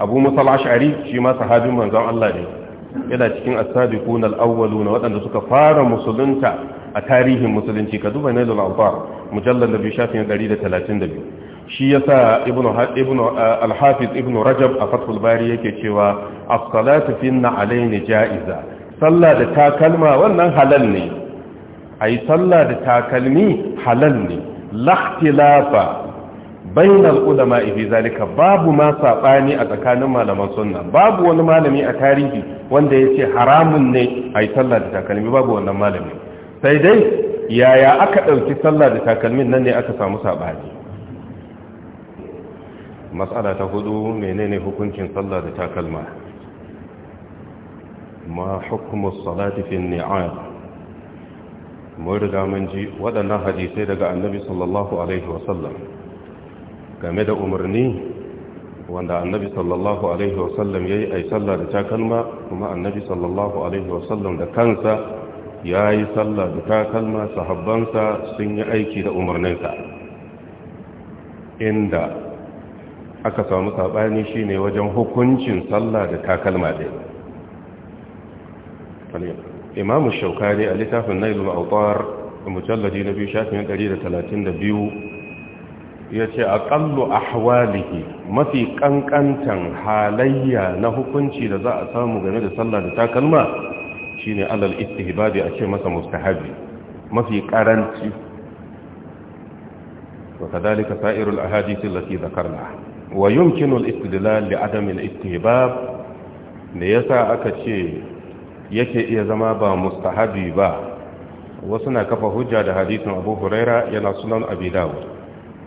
abu musa al-ash'ari shi ma sahabin manzan Allah ne yana cikin as na al na waɗanda suka fara musulunta a tarihin musulunci ka duba nailul anfar mujallal nabi shafin 132 shi yasa sa ibnu Ibn rajab a fathul bari yake cewa a salatu finna alaini ja'iza sallah da takalma wannan halal ne ai sallah da takalmi halal ne laktilafa bainal ulama fi zalika babu ma saɓani a tsakanin malaman sunna babu wani malami a tarihi wanda yace haramun ne ai sallah da takalmi babu wannan malami sai dai yaya aka ɗauki sallah da takalmin nan ne aka samu saɓani? matsala ta hudu menene hukuncin sallah da takalma ma hukumus salati fi ni'am mun riga mun ji waɗannan hadisai daga annabi sallallahu alaihi wasallam game da umarni wanda annabi sallallahu alaihi wasallam yayi ai sallah da takalma kuma annabi sallallahu alaihi wasallam da kansa yayi sallah da takalma sahabbansa sun yi aiki da umarninsa inda aka samu saɓani shi ne wajen hukuncin sallah da takalma ɗaya imamu shaukari a littafin nailul da mujallaji na biyu shafin 132 ya ce a aƙallu ahwalihi mafi ƙanƙantan halayya na hukunci da za a samu game da sallah da takalma shi ne alal istihbabi a ce masa mustahabi mafi ƙaranci wa kadalika sa'irul ahadisi lati zakarna wa yumkinu al-istidlal li adam al-istihbab ne yasa aka ce yake iya zama ba mustahabi ba wasu na kafa hujja da hadisin Abu Huraira yana sunan Abi Dawud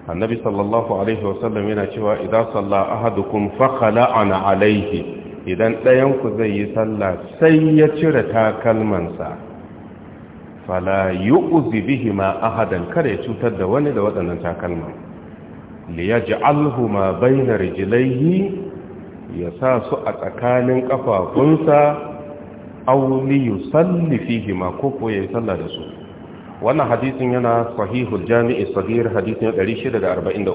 annabi sallallahu alaihi wasallam yana cewa idan salla ahadukum fakhala ana alaihi idan ɗayan ku zai yi sallah sai ya cire takalmansa fala yu'zi bihima ahadan kare cutar da wani da waɗannan takalman liyaj'alhu ma bayna rijlaihi ya sa su a tsakanin kafafunsa aw li yusalli fihi ko koko ya salla da su wannan hadisin yana sahihul jami'i sahih hadisin 643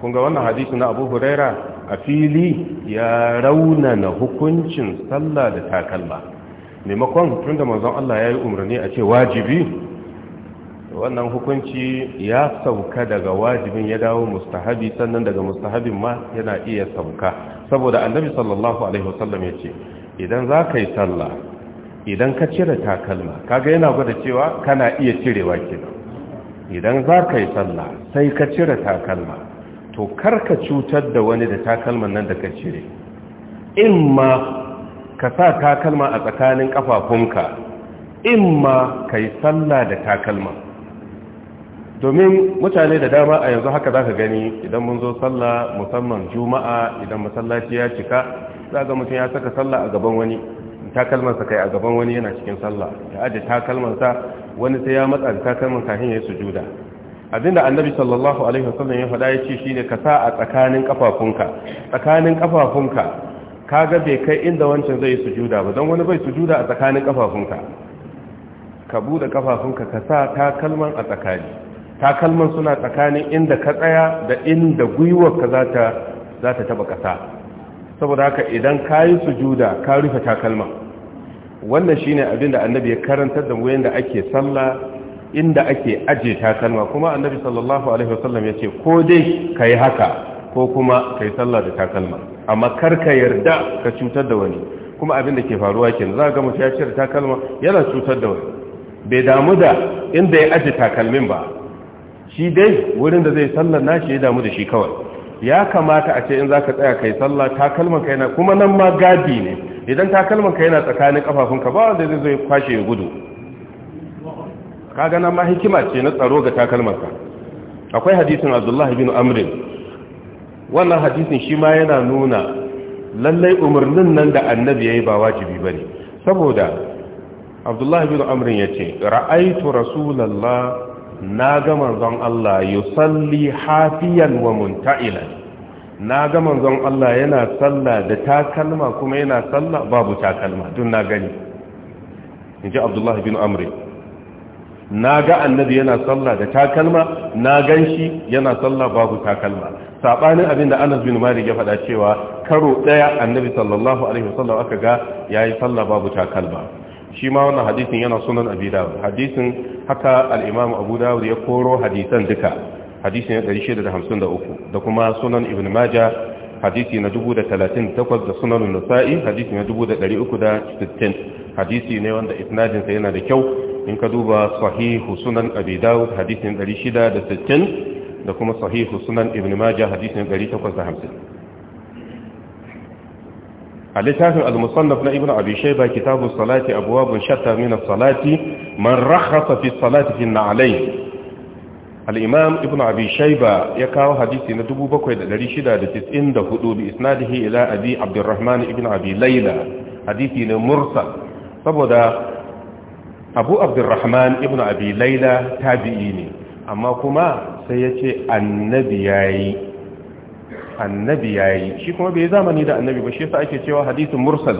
kun ga wannan hadisin na Abu Huraira a fili ya raunana hukuncin sallah da takalma maimakon tunda manzon Allah ya yi umarni a ce wajibi wannan hukunci ya sauka daga wajibin ya dawo mustahabi sannan daga mustahabin ma yana iya sauka saboda annabi sallallahu alaihi wasallam ya ce idan za ka yi sallah idan ka cire takalma kaga yana gwada cewa kana iya cirewa kenan idan za ka yi sallah sai ka cire takalma to kar ka cutar da wani da takalman nan da ka cire in ma ka sa takalma a tsakanin kafafunka in ma ka yi sallah da takalman domin mutane da dama a yanzu haka za ka gani idan mun zo sallah musamman juma'a idan masallaci ya cika za ga mutum ya saka sallah a gaban wani takalmansa kai a gaban wani yana cikin sallah ya ajiye takalmansa wani sai ya matsa da takalman kafin ya yi sujuda abinda annabi sallallahu alaihi wasallam ya faɗa ya ce shine ka sa a tsakanin kafafunka tsakanin kafafunka kaga bai kai inda wancan zai sujuda ba don wani bai sujuda a tsakanin kafafunka ka bude kafafunka ka sa takalman a tsakani takalman suna tsakanin inda ka tsaya da inda gwiwarka za ta taba ƙasa saboda haka idan ka yi sujuda ka rufe takalma. wannan shine abin da annabi ya karanta da wuyan da ake sallah inda ake ajiye takalma kuma annabi sallallahu alaihi wasallam ya ce ko dai ka yi haka ko kuma ka yi sallah da takalma amma kar ka yarda ka cutar da wani kuma abin da ke faruwa ke za ga mutum ya da takalma yana cutar da wani bai damu da inda ya aje takalmin ba shi dai wurin da zai sallar nashi ya damu da shi kawai ya kamata a ce in za ka tsaya kai sallah takalman ka yana kuma nan ma gadi ne idan takalman ka yana tsakanin kafafunka ba wanda zai zo kwashe ya gudu ka gana ma hikima ce na tsaro ga takalman ka akwai hadisin Abdullahi bin Amrin wannan hadisin shi ma yana nuna lallai umarnin nan da annabi yi ba wajibi ne saboda Abdullahi bin Amrin ya yace ra'aitu rasulallah. na ga manzon Allah salli hafiyan wa munta'ilan na ga manzon Allah yana salla da takalma kuma yana salla babu takalma tun na gani in ji Abdullah bin Amr na ga annabi yana salla da takalma na shi yana salla babu takalma sabanin abinda Anas bin Malik ya faɗa cewa karo daya annabi sallallahu alaihi wasallam aka ga yayi salla babu takalma shi ma wannan hadisin yana sunan abi dawud hadisin haka al-imam abu dawud ya koro hadisan duka hadisin ya 653 da kuma sunan ibn majah hadisi na 1038 da sunan nasa'i hadisi na 360 hadisi ne wanda isnadin sa yana da kyau in ka duba sahihu sunan abi dawud hadisin 660 da kuma sahihu sunan ibn majah hadisin 850 a littafin al-musannaf na ibn abi shayba kitabu salati abwabun shatta min as-salati man rakhasa fi as-salati fi an-na'alayn al-imam ibnu abi shayba ya kawo hadisi na 7694 bi isnadihi ila abi abdurrahman ibnu abi layla hadisi ne mursal saboda abu abdurrahman ibn abi laila tabi'i ne amma kuma sai yace ce annabi ya annabi yayi shi kuma bai zamani da annabi ba shi yasa ake cewa hadisin mursal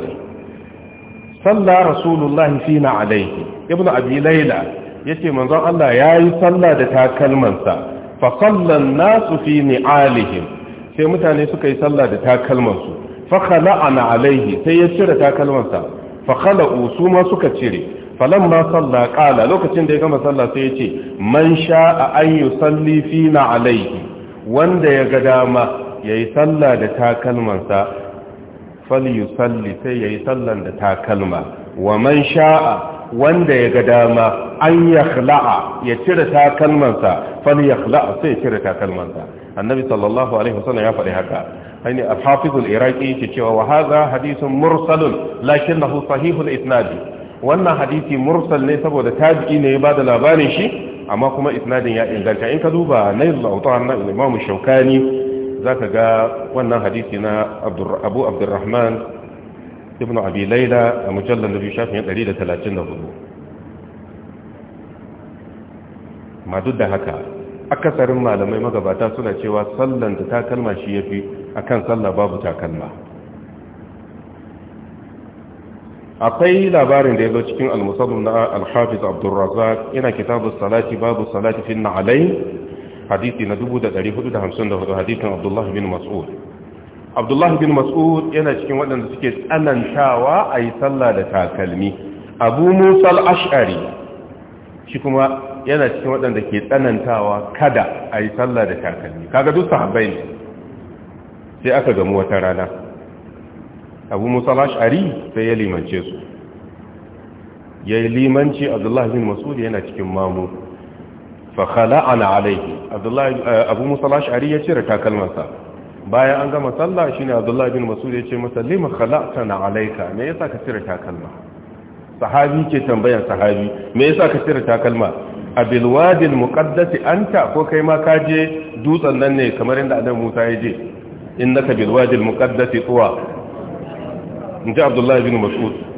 salla rasulullahi fina alaihi ibn abi laila yace manzon Allah yayi salla da takalmansa fa sallan nasu fi ni'alihim sai mutane suka yi sallah da takalmansu fa khala'ana alaihi sai ya cire takalmansa fa khala'u su ma suka cire falamma salla kala lokacin da ya gama salla sai yace man a an yusalli fina alaihi wanda ya ga dama ya yi tsalla da takalmansa falyusalli sai ya yi tsallan da takalma wa man sha'a wanda ya ga dama an ya khla'a ya cire takalmansa fal ya khla'a sai ya cire takalmansa annabi sallallahu alaihi wasallam ya faɗi haka aini al Iraki al-iraqi cewa wa hadha hadithun mursalun lakinnahu sahihul isnadi wannan hadisi mursal ne saboda tabi'i ne ya bada labarin shi amma kuma isnadin ya inganta in ka duba nail al-awtar na al-imam shaukani za ka ga wannan hadisi na abu abdurrahman ibn abi laila a mujallar nabi shafin 134 ma duk da haka akasarin malamai magabata suna cewa sallan da takalma shi ya fi a kan sallah babu takalma akwai labarin da ya zo cikin al na al abdurrazak yana kitabu salati babu salati fi na'alai hadisi na 1454 hadisin Abdullah bin Mas'ud Abdullah bin Mas'ud yana cikin waɗanda suke tsanantawa a yi sallah da takalmi Abu Musa al-Ash'ari shi kuma yana cikin waɗanda ke tsanantawa kada a yi sallah da takalmi kaga duk sahabbai ne sai aka gamu wata rana abu musa lashari sai ya limance su ya limanci abdullahi bin masud yana cikin mamu fa khala'ana alaihi abdullahi eh, abu musalla shari ya cire takalmasa. bayan an gama sallah shine abdullahi bin mas'ud ya ce masa lima khala'tana alaika me yasa ka cire takalma sahabi ke tambayar sahabi me yasa ka cire takalma abil wadi al-muqaddas anta ko kai ma ka je dutsen nan ne kamar inda annabi Musa ya je innaka bil wadi al-muqaddas tuwa inda abdullahi bin mas'ud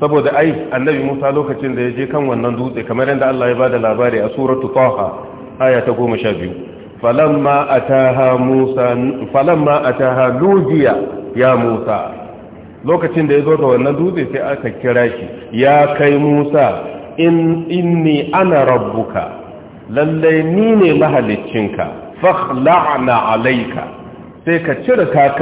saboda ai annabi Musa lokacin da ya je kan wannan dutse kamar yadda Allah ya bada labari a suratu Taha aya ta 12 falamma ataha Musa falamma ataha lujiya ya Musa lokacin da ya zo ga wannan dutse sai aka kira shi ya kai Musa in ni ana rabbuka Lallai ni ne mahaliccinka fakhla'na alaika. sai ka cire ka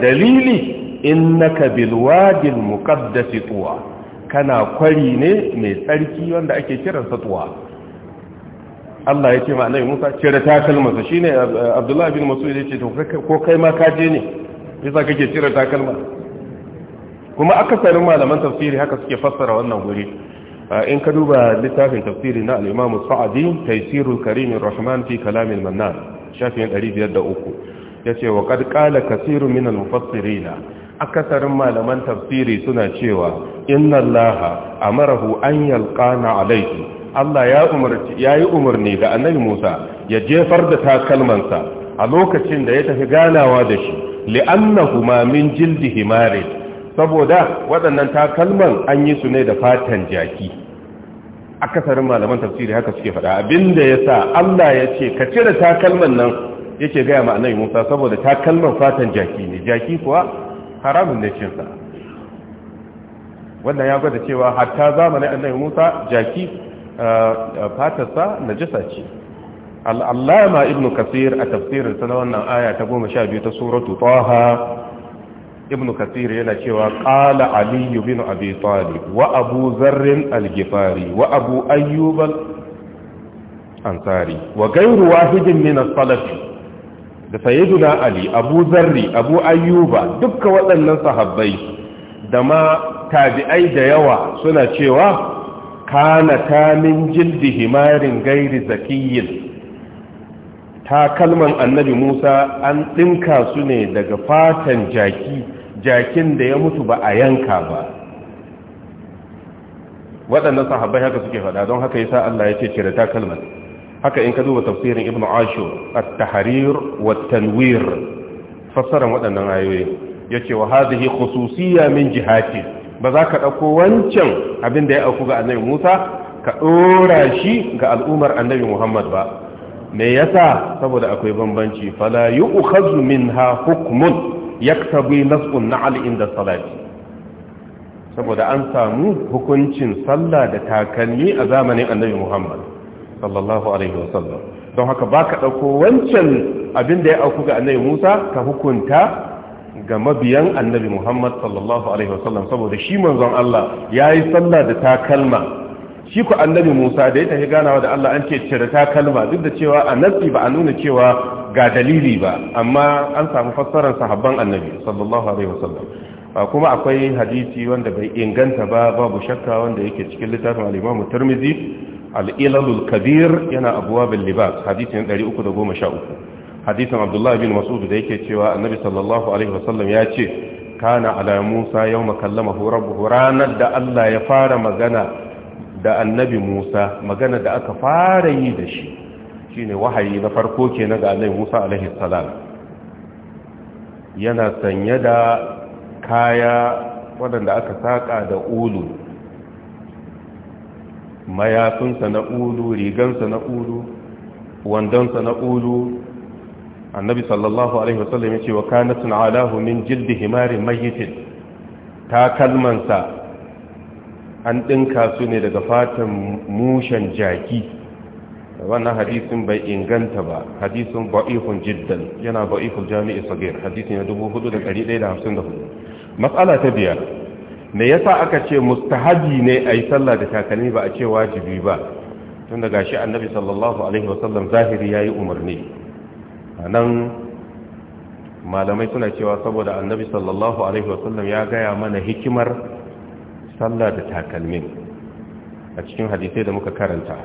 dalili innaka bilwadil muqaddasi tuwa kana kwari ne mai tsarki wanda ake kiran satuwa Allah ya ce ma annabi Musa cire takalmansa shine Abdullah bin Mas'ud ya ce to ko kai ma ka je ne yasa kake cire takalma kuma akasarin malaman tafsiri haka suke fassara wannan guri in ka duba littafin tafsiri na al-Imam Sa'di Taysirul Karim Ar-Rahman fi Kalam al-Mannan shafin 503 yace wa qad qala kaseerun min al-mufassirin akasarin malaman tafsiri suna cewa inna allaha amarahu an yalqana alayhi Allah ya umarci yayi umarni ga annabi Musa ya jefar da takalmansa a lokacin da ya tafi ganawa da shi ma min jildi himare saboda waɗannan takalman an yi su ne da fatan jaki akasarin malaman tafsiri haka suke faɗa abinda yasa Allah ya ce ka cire takalman nan yake gaya ma annabi Musa saboda takalman fatan jaki ne jaki kuwa haramun ne cinsa wannan ya gwada cewa hatta zamanin annabi musa jaki eh, eh, fatarsa najasa ce al'allama ibn kasir a tafsirinsa na wannan aya ta goma sha biyu ta suratu taha ibn kasir yana cewa ƙala Aliyu bin abi talib wa abu zarr algifari wa abu ansari wa gairu wahidin min as-salaf da sayyiduna ali abu zarri abu ayyuba dukka waɗannan sahabbai da ma tabi'ai da yawa suna cewa kana ta min jildi himarin gairi zakiyin ta kalman annabi musa an ɗinka su ne daga fatan jaki jakin da ya mutu ba a yanka ba waɗannan sahabbai haka suke faɗa don haka yasa Allah ya ce cire takalman haka in ka duba tafsirin ibn ashur at-tahrir wa tanwir fassaran waɗannan ayoyi yace wa hadhihi khususiyya min jihati ba za ka dauko wancan abin da ya auku ga annabi Musa ka dora shi ga al'ummar annabi Muhammad ba me yasa saboda akwai bambanci fala yu'khadhu minha hukmun yaktabu nasbun na'al inda salati saboda an samu hukuncin sallah da takalmi a zamanin annabi Muhammad sallallahu alaihi wasallam don haka baka dauko wancan abin da ya auku ga annabi Musa ka hukunta ga mabiyan annabi Muhammad sallallahu alaihi wasallam saboda shi manzon Allah yayi sallah da takalma shi ku annabi Musa da ya tafi ganawa da Allah an ce cire takalma duk da cewa a ba a nuna cewa ga dalili ba amma an samu fassarar sahabban annabi sallallahu alaihi wasallam kuma akwai hadisi wanda bai inganta ba babu shakka wanda yake cikin littafin al-Imam Tirmidhi al'ilalul kabir yana abuwa bin libas hadisin 313 hadisin abdullahi bin masudu da yake cewa annabi sallallahu alaihi wasallam ya ce kana ala musa yau makallama horabu ranar da allah ya fara magana da annabi musa magana da aka fara yi da shi shine wahayi na farko ke na ga annabi musa alaihi salam yana sanye da kaya waɗanda aka saƙa da ulu mayafinsa na ulu rigansa na ulu wandonsa na ulu annabi sallallahu alaihi wasallam ya ce wa kanatun alahu min jildi himarin mayitin kalmansa. an ɗinka su ne daga fatan mushen jaki wannan hadisin bai inganta ba hadisin ba'ihun jiddan yana ba'ihun jami'i sagir hamsin da 4154 matsala ta biyar me sa aka ce mustahabi ne a yi sallah da takalmi ba a ce wajibi ba tun da gashi annabi sallallahu alaihi wasallam zahiri ya yi umarni a nan malamai suna cewa saboda annabi sallallahu alaihi wasallam ya gaya mana hikimar sallah da takalmin a cikin hadisai da muka karanta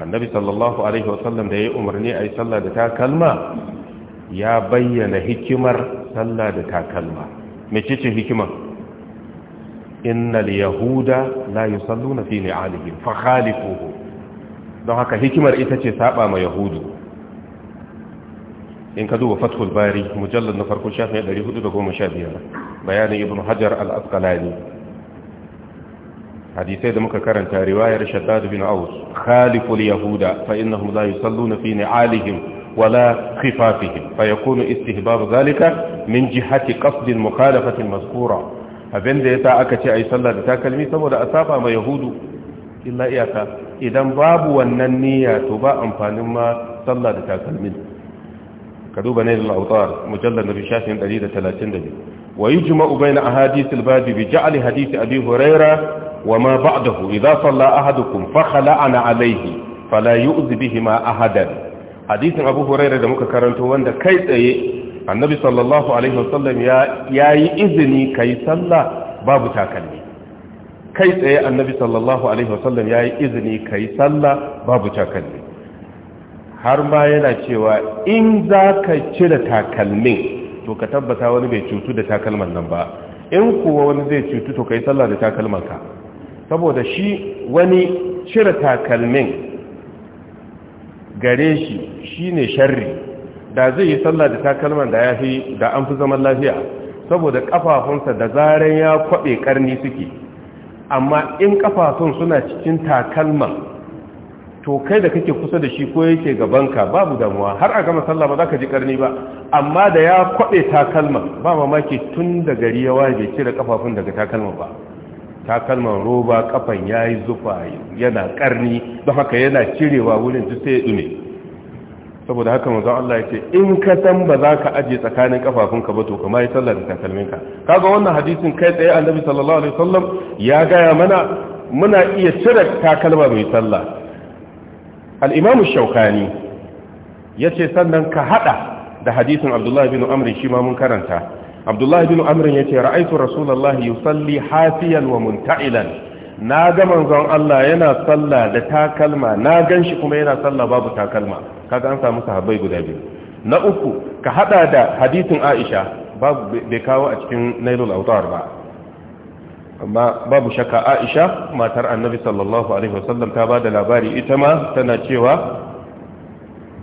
annabi sallallahu alaihi wasallam da ya yi umarni a yi sallah da takalma ya bayyana hikimar sallah da takalma mai ce hikimar إن اليهود لا يصلون في نعالهم فخالفوه دو هكا هكمر إتاكي سابع ما يهود إن كدو فتح الباري مجلد نفر كل شافية اليهود بيان ابن حجر الأسقلاني حديثي دمك كرن رواية رشداد بن عوص خالف اليهود فإنهم لا يصلون في نعالهم ولا خفافهم فيكون استهباب ذلك من جهة قصد المخالفه المذكوره abin da ya sa aka ce a yi sallah da takalmi saboda a saba mai yahudu illa iyaka idan babu wannan niyya to ba amfanin ma sallah da takalmi ka duba ne da autar mujallar na bishafin 132 wa yi juma'u baina na ahadith albabi bi ja'ali hadith abi huraira wa ma ba'dahu idan salla ahadukum fa khala'ana alaihi fala yu'zi bihi ma ahadan hadithin abu huraira da muka karanto wanda kai tsaye annabi sallallahu alaihi wasallam ya yi izini ka yi sallah babu takalmi kai tsaye annabi sallallahu alaihi wasallam ya yi izini ka yi sallah babu takalmi har ma yana cewa in za ka cire takalmin to ka tabbata wani bai cutu da takalman nan ba in kuwa wani zai cutu to ka yi sallah da takalmanka saboda shi wani cire takalmin gare shi shi ne sharri da zai yi sallah da takalman da ya fi da an fi zaman lafiya saboda kafafunsa da zaren ya kwaɓe karni suke amma in kafafun suna cikin takalma to kai da kake kusa da shi ko yake gabanka babu damuwa har a gama sallah ba za ka ji karni ba amma da ya kwaɓe takalma ba mamaki tun da gari ya waje cire kafafun daga takalma ba takalman roba kafan ya yi zufa yana karni don haka yana cirewa wurin duk sai ya ɗume saboda haka manzon Allah ce in ka san ba za ka aje tsakanin kafafunka ba to kuma yi sallar da ka kaga wannan hadisin kai tsaye annabi sallallahu alaihi wasallam ya gaya mana muna iya cire takalma mai sallah al-imam shaukani yace sannan ka hada da hadisin abdullahi bin amr shi ma mun karanta abdullahi bin amr yace ra'aytu rasulullahi yusalli hafiyan wa munta'ilan na ga manzon Allah yana sallah da takalma na gan shi kuma yana sallah babu takalma kaga an samu sahabbai guda biyu na uku ka hada da hadisin Aisha babu bai kawo a cikin Nailul Awtar ba amma babu shakka Aisha matar Annabi sallallahu alaihi wasallam ta bada labari ita ma tana cewa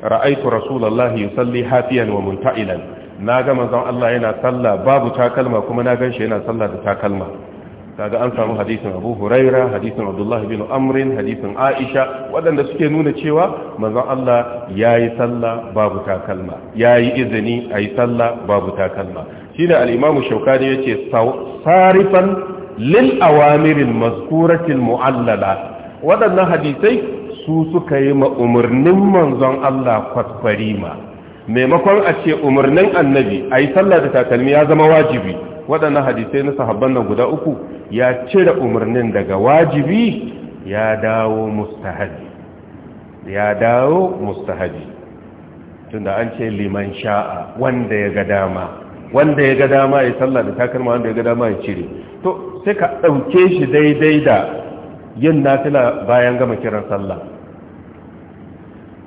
ra'aitu rasulullahi yusalli hafiyan wa munta'ilan naga manzon Allah yana sallah babu takalma kuma na ganshi yana sallah da takalma kaga an samu hadisin abu huraira hadisin abdullahi bin amrin hadisin aisha waɗanda suke nuna cewa manzon allah ya yi sallah babu takalma ya yi izini a yi sallah babu takalma shi ne al'imamu shaukani ya ce sarifan lil awamirin maskuratin mu'allala waɗannan hadisai su suka yi ma umarnin manzon allah kwaskwarima. maimakon a ce umarnin annabi a yi sallah da takalmi ya zama wajibi waɗannan hadisai na sahabban nan guda uku ya cire umarnin daga wajibi ya dawo mustahadi. ya dawo mustahadi. tunda an ce liman sha'a wanda ya ga dama wanda ya ga dama ya sallah da takalma wanda ya ga dama ya cire to sai ka ɗauke shi daidai da yin nafila bayan gama kiran sallah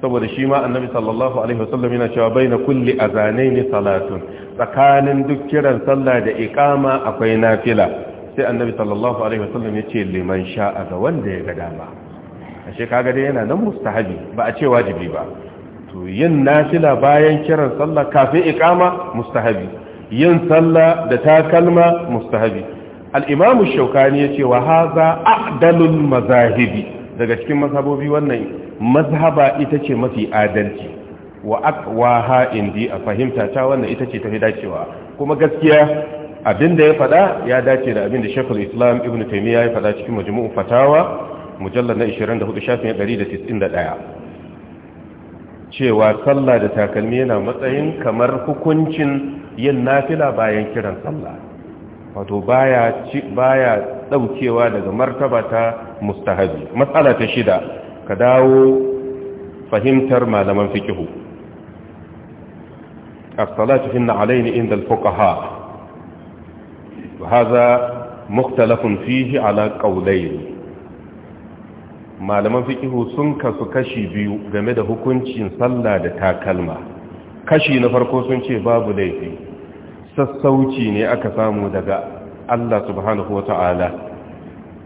saboda shi ma annabi sallallahu alaihi wasallam yana cewa baina kulli azanaini salatun tsakanin duk kiran sallah da iqama akwai nafila sai annabi sallallahu alaihi wasallam ya ce liman sha'a ga wanda ya ga dama ashe kaga dai yana nan mustahabi ba a ce wajibi ba to yin nafila bayan kiran sallah kafin iqama mustahabi yin sallah da takalma mustahabi al-imam ash-shawkani yace wa hadha a'dalul mazahibi daga cikin masabobi wannan mazhaba ita ce mafi adalci wa aqwaha indi a fahimta ta wannan ita ce tafi dacewa kuma gaskiya abin da ya fada ya dace da abin da Sheikhul Islam Ibn Taymiyyah ya fada cikin Majmu'u Fatawa mujallar na 24 shafin 191 cewa sallah da takalmi yana matsayin kamar hukuncin yin nafila bayan kiran sallah wato baya baya daukewa daga martaba ta mustahabi matsala ta shida ka dawo fahimtar malaman fikihu. as-salatu hinna alaini inda al-fuqaha وهذا مختلف فيه على قولين malaman fikihu sun kasu kashi biyu game da hukuncin sallah da takalma kashi na farko sun ce babu laifi sassauci ne aka samu daga Allah subhanahu wa ta'ala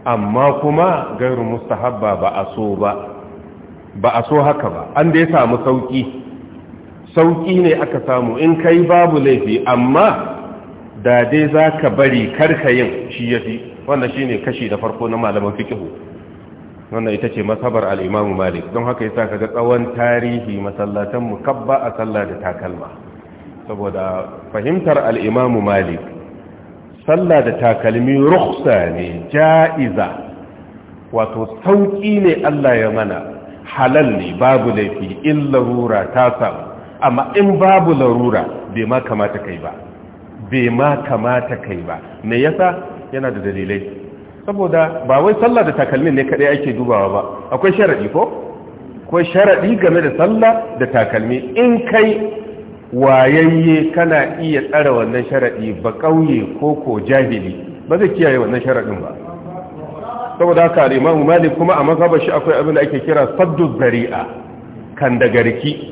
amma kuma gairu mustahabba ba a so ba ba a so haka ba an da ya samu sauki sauki ne aka samu in kai babu laifi amma da dai za ka bari karkayin shi ya fi wanda shi ne kashi da farko na malaman fikihu wannan ita ce masabar al'imamu malik don haka sa ka ga tsawon tarihi masallatan kabba, a sallah da takalma saboda fahimtar al'imamu malik sallah da takalmi ruksa ne ja'iza wato sauƙi ne Allah ya mana halal ne babu laifi in larura ta samu amma in babu larura bai ma kamata kai ba bai ma kamata kai ba me yasa yana da dalilai saboda ba wai sallah da takalmi ne kaɗai ake dubawa ba akwai sharaɗi ko? akwai sharaɗi game da sallah da takalmi in kai wayayye kana iya tsara wannan sharaɗi ba ƙauye ko ko jahili ba zai kiyaye wannan sharaɗin ba saboda haka al'imamu malik kuma a mazhabar shi akwai abin da ake kira saddu zari'a kan da garki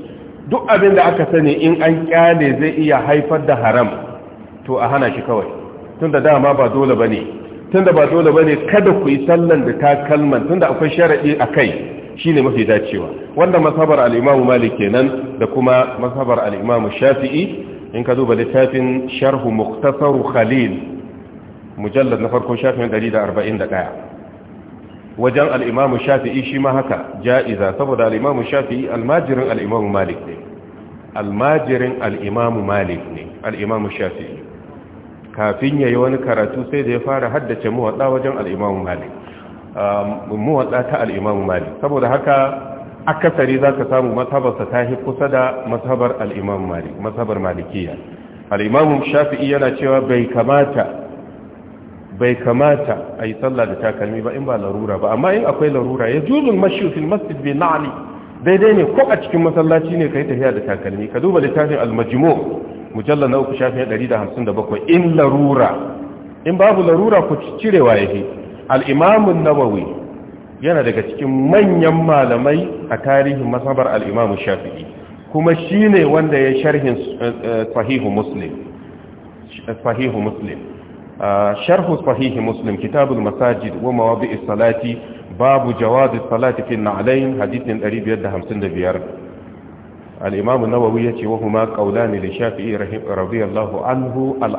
duk abin da aka sani in an kyale zai iya haifar da haram to a hana shi kawai tunda dama ba dole bane tunda ba dole bane kada ku yi sallan da ta takalman tunda akwai sharaɗi a kai. Shi ne mafi dacewa wanda masabar al'imamu imam Malik kenan da kuma masabar al'imamu Shafi'i in ka duba littafin sharhu Mukhtasar Khalil mujallar na farko shafin 141 wajen al'imamu Shafi'i shi ma haka ja'iza saboda al'imamu Shafi'i almajirin al'imamu imam Malik ne almajirin al-Imam ne al Shafi'i kafin yayi wani karatu sai da ya fara haddace muwatta wajen al'imamu imam Malik Um, muwatsa ta al'imamu mali saboda haka akasari za ka samu matsabarsa ta yi kusa da matsabar al'imamu mali matsabar malikiya al'imamu shafi'i yana cewa bai kamata bai kamata a yi tsalla da takalmi ba in ba larura ba amma in akwai larura ya juzun mashiyufin masjid bai na'ani daidai ne ko a cikin masallaci ne ka yi tafiya da takalmi ka duba littafin almajimo mujallar na uku shafin 157 in larura in babu larura ku cirewa ya al'imamun nawawi yana daga cikin manyan malamai a tarihin masabar al'imamun shafi'i kuma shi ne wanda ya sharhin eh, sahihu muslim ah, sharhu sahihi muslim kitabul masajid wa mawadi'is salati babu jawazi salati fi na'alain hadithin 555 al-imam an-nawawi ya wa huma qawlan da shafi'i radiyallahu anhu al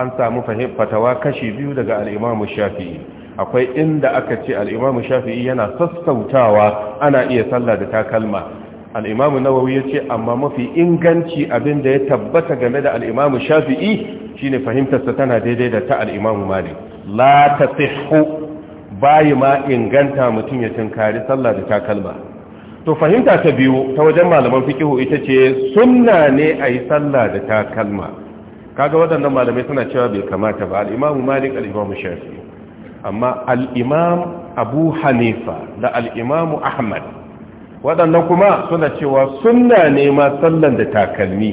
an samu fatawa kashi biyu daga al'imamu shafi'i akwai inda aka ce al'imamu shafi'i yana sassautawa ana iya sallah da takalma al'imamu nawawi ya ce amma mafi inganci abin da ya tabbata game da al'imamu shafi'i shine fahimtarsa tana daidai da ta al'imamu mali la ta bayi ma inganta mutum ya tunkari sallah da takalma to fahimta ta biyu ta wajen malaman fikihu ita ce sunna ne a yi sallah da takalma kaga waɗannan malamai suna cewa bai kamata ba al malik al-imamu shafi amma al abu hanifa da al ahmad waɗannan kuma suna cewa suna nema sallan da takalmi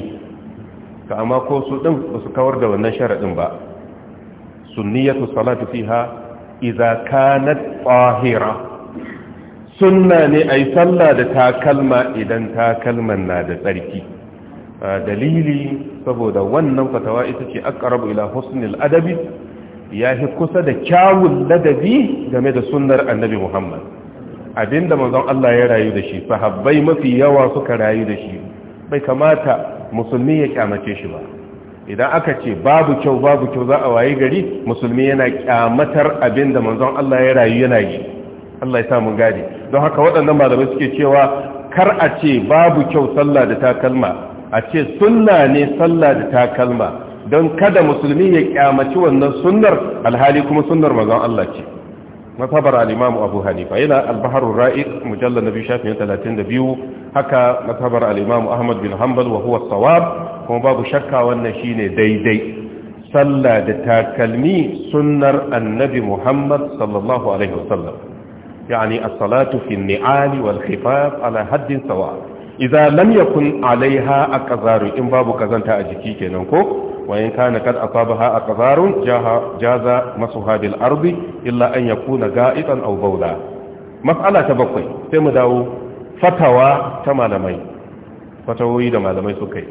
ka amma ko su ɗin ba su kawar da wannan sharaɗin ba sunniyatu salatu fiha idza kanat tsahira, suna ne a yi sallah da takalma idan takalman na da tsarki dalili saboda wannan fatawa ita ce aqrabu ila husnil adabi yahi kusa da kyawun ladabi game da sunnar annabi Muhammad abinda manzon Allah ya rayu da shi sahabbai mafi yawa suka rayu da shi bai kamata musulmi ya kyamace shi ba idan aka ce babu kyau babu kyau za a waye gari musulmi yana kyamatar abinda manzon Allah ya rayu yana yi Allah ya sa mun gane don haka waɗannan malamai suke cewa kar a ce babu kyau sallah da takalma a ce sunna ne sallah da takalma don kada musulmi ya kyamaci wannan sunnar alhali kuma sunnar mazan Allah ce masabar al abu hanifa yana albaharu baharur ra'iq mujallal nabi shafin haka masabar al-imam ahmad bin hanbal wa huwa sawab kuma babu shakka wannan shine daidai sallah da takalmi sunnar annabi muhammad sallallahu alaihi wasallam yani a salatu fi an-ni'ali wal khifaf ala haddin sawa' idza lam yakun alaiha aqzaru in babu kazanta a jiki kenan ko wayan kana kad asabaha a jaha jaza masu hadil ardi illa an yakuna ga'itan aw bawla mas'ala ta bakwai sai mu dawo fatawa ta malamai fatawoyi da malamai suka yi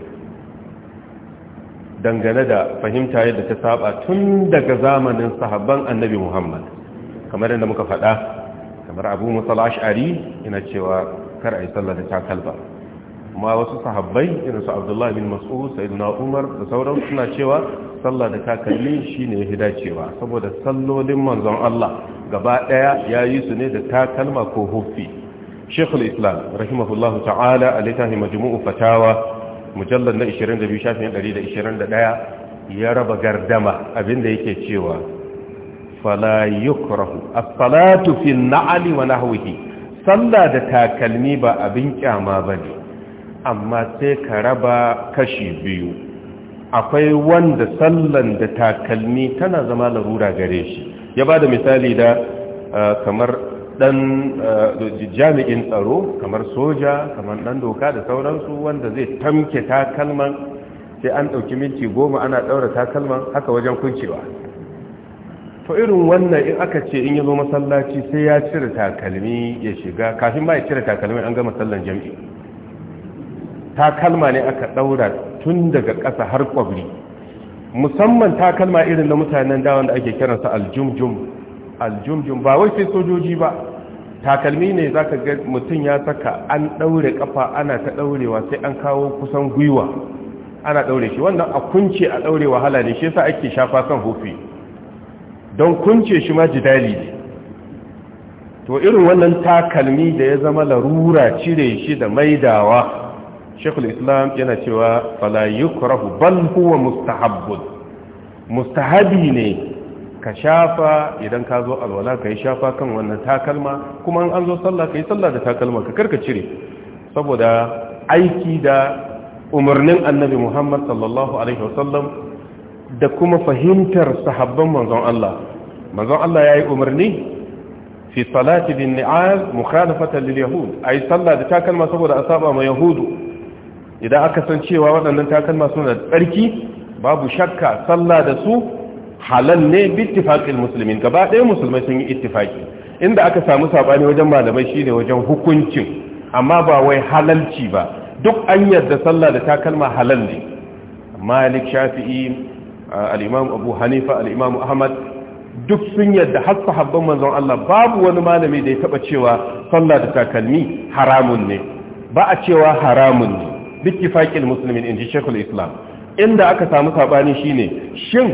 dangane da fahimta yadda ta saba tun daga zamanin sahabban annabi Muhammad kamar yadda muka faɗa kamar abu musul ash'ari ina cewa kar a yi sallar da takalba ma wasu sahabbai irin su abdullahi bin mas'ud sayyidina umar da sauran suna cewa sallah da takalmi shine fi dacewa saboda sallolin manzon Allah gaba daya yi su ne da takalma ko huffi shekul islam rahimahullahu ta'ala a littafin majmu'u fatawa mujallar na 22 shafin 121 ya raba gardama abinda yake cewa fala yukrahu as-salatu fi an-na'li wa nahwihi sallah da takalmi ba abin kyama bane amma sai ka raba kashi biyu akwai wanda sallan da takalmi tana zama larura gare shi ya ba da misali da uh, kamar dan uh, jami'in tsaro kamar soja kamar dan doka da sauransu wanda zai tamke takalman sai an ɗauki minti goma ana ɗaura takalman haka wajen kuncewa to irin wannan in aka ce in ya zo masallaci sai ya cire takalmi ya shiga kafin ba ya cire takalmi an gama masallan jami'i takalma ne aka daura tun daga ƙasa har kwabri musamman takalma irin na mutanen da ake kiransa aljumjum aljumjum ba wai sai sojoji ba takalmi ne ka ga mutum ya saka an ɗaure ƙafa ana ta ɗaurewa sai an kawo kusan gwiwa ana ɗaure shi wannan a kunce a ɗaure wahala ne shi ake shafa kan hofi don kunce shi ma jidali ne to irin wannan takalmi da ya zama larura cire shi da maidawa shekul islam yana cewa fala yukrahu bal huwa mustahabbun mustahabi ne ka shafa idan ka zo alwala ka yi shafa kan wannan takalma kuma an zo sallah ka yi sallah da takalma ka karka cire saboda aiki da umarnin annabi muhammad sallallahu alaihi wasallam da kuma fahimtar sahabban manzon Allah manzon Allah ya yi umarni fi salati bin ni'az mukhalafatan lil yahud ay sallah da takalma saboda asaba ma yahudu idan aka san cewa waɗannan takalma suna da tsarki babu shakka sallah da su halal ne bittifaqil muslimin gaba ɗaya musulmai sun yi ittifaki inda aka samu sabani wajen malamai shine wajen hukuncin amma ba wai halalci ba duk an yarda sallah da takalma halal ne malik shafi'i uh, al-imam abu hanifa al-imam ahmad duk sun yadda har sahabban manzon Allah babu wani malami da ya taba cewa sallah da takalmi haramun ne ba a cewa haramun ne bittifaqil muslimin inji shekul islam inda aka samu sabani shine shin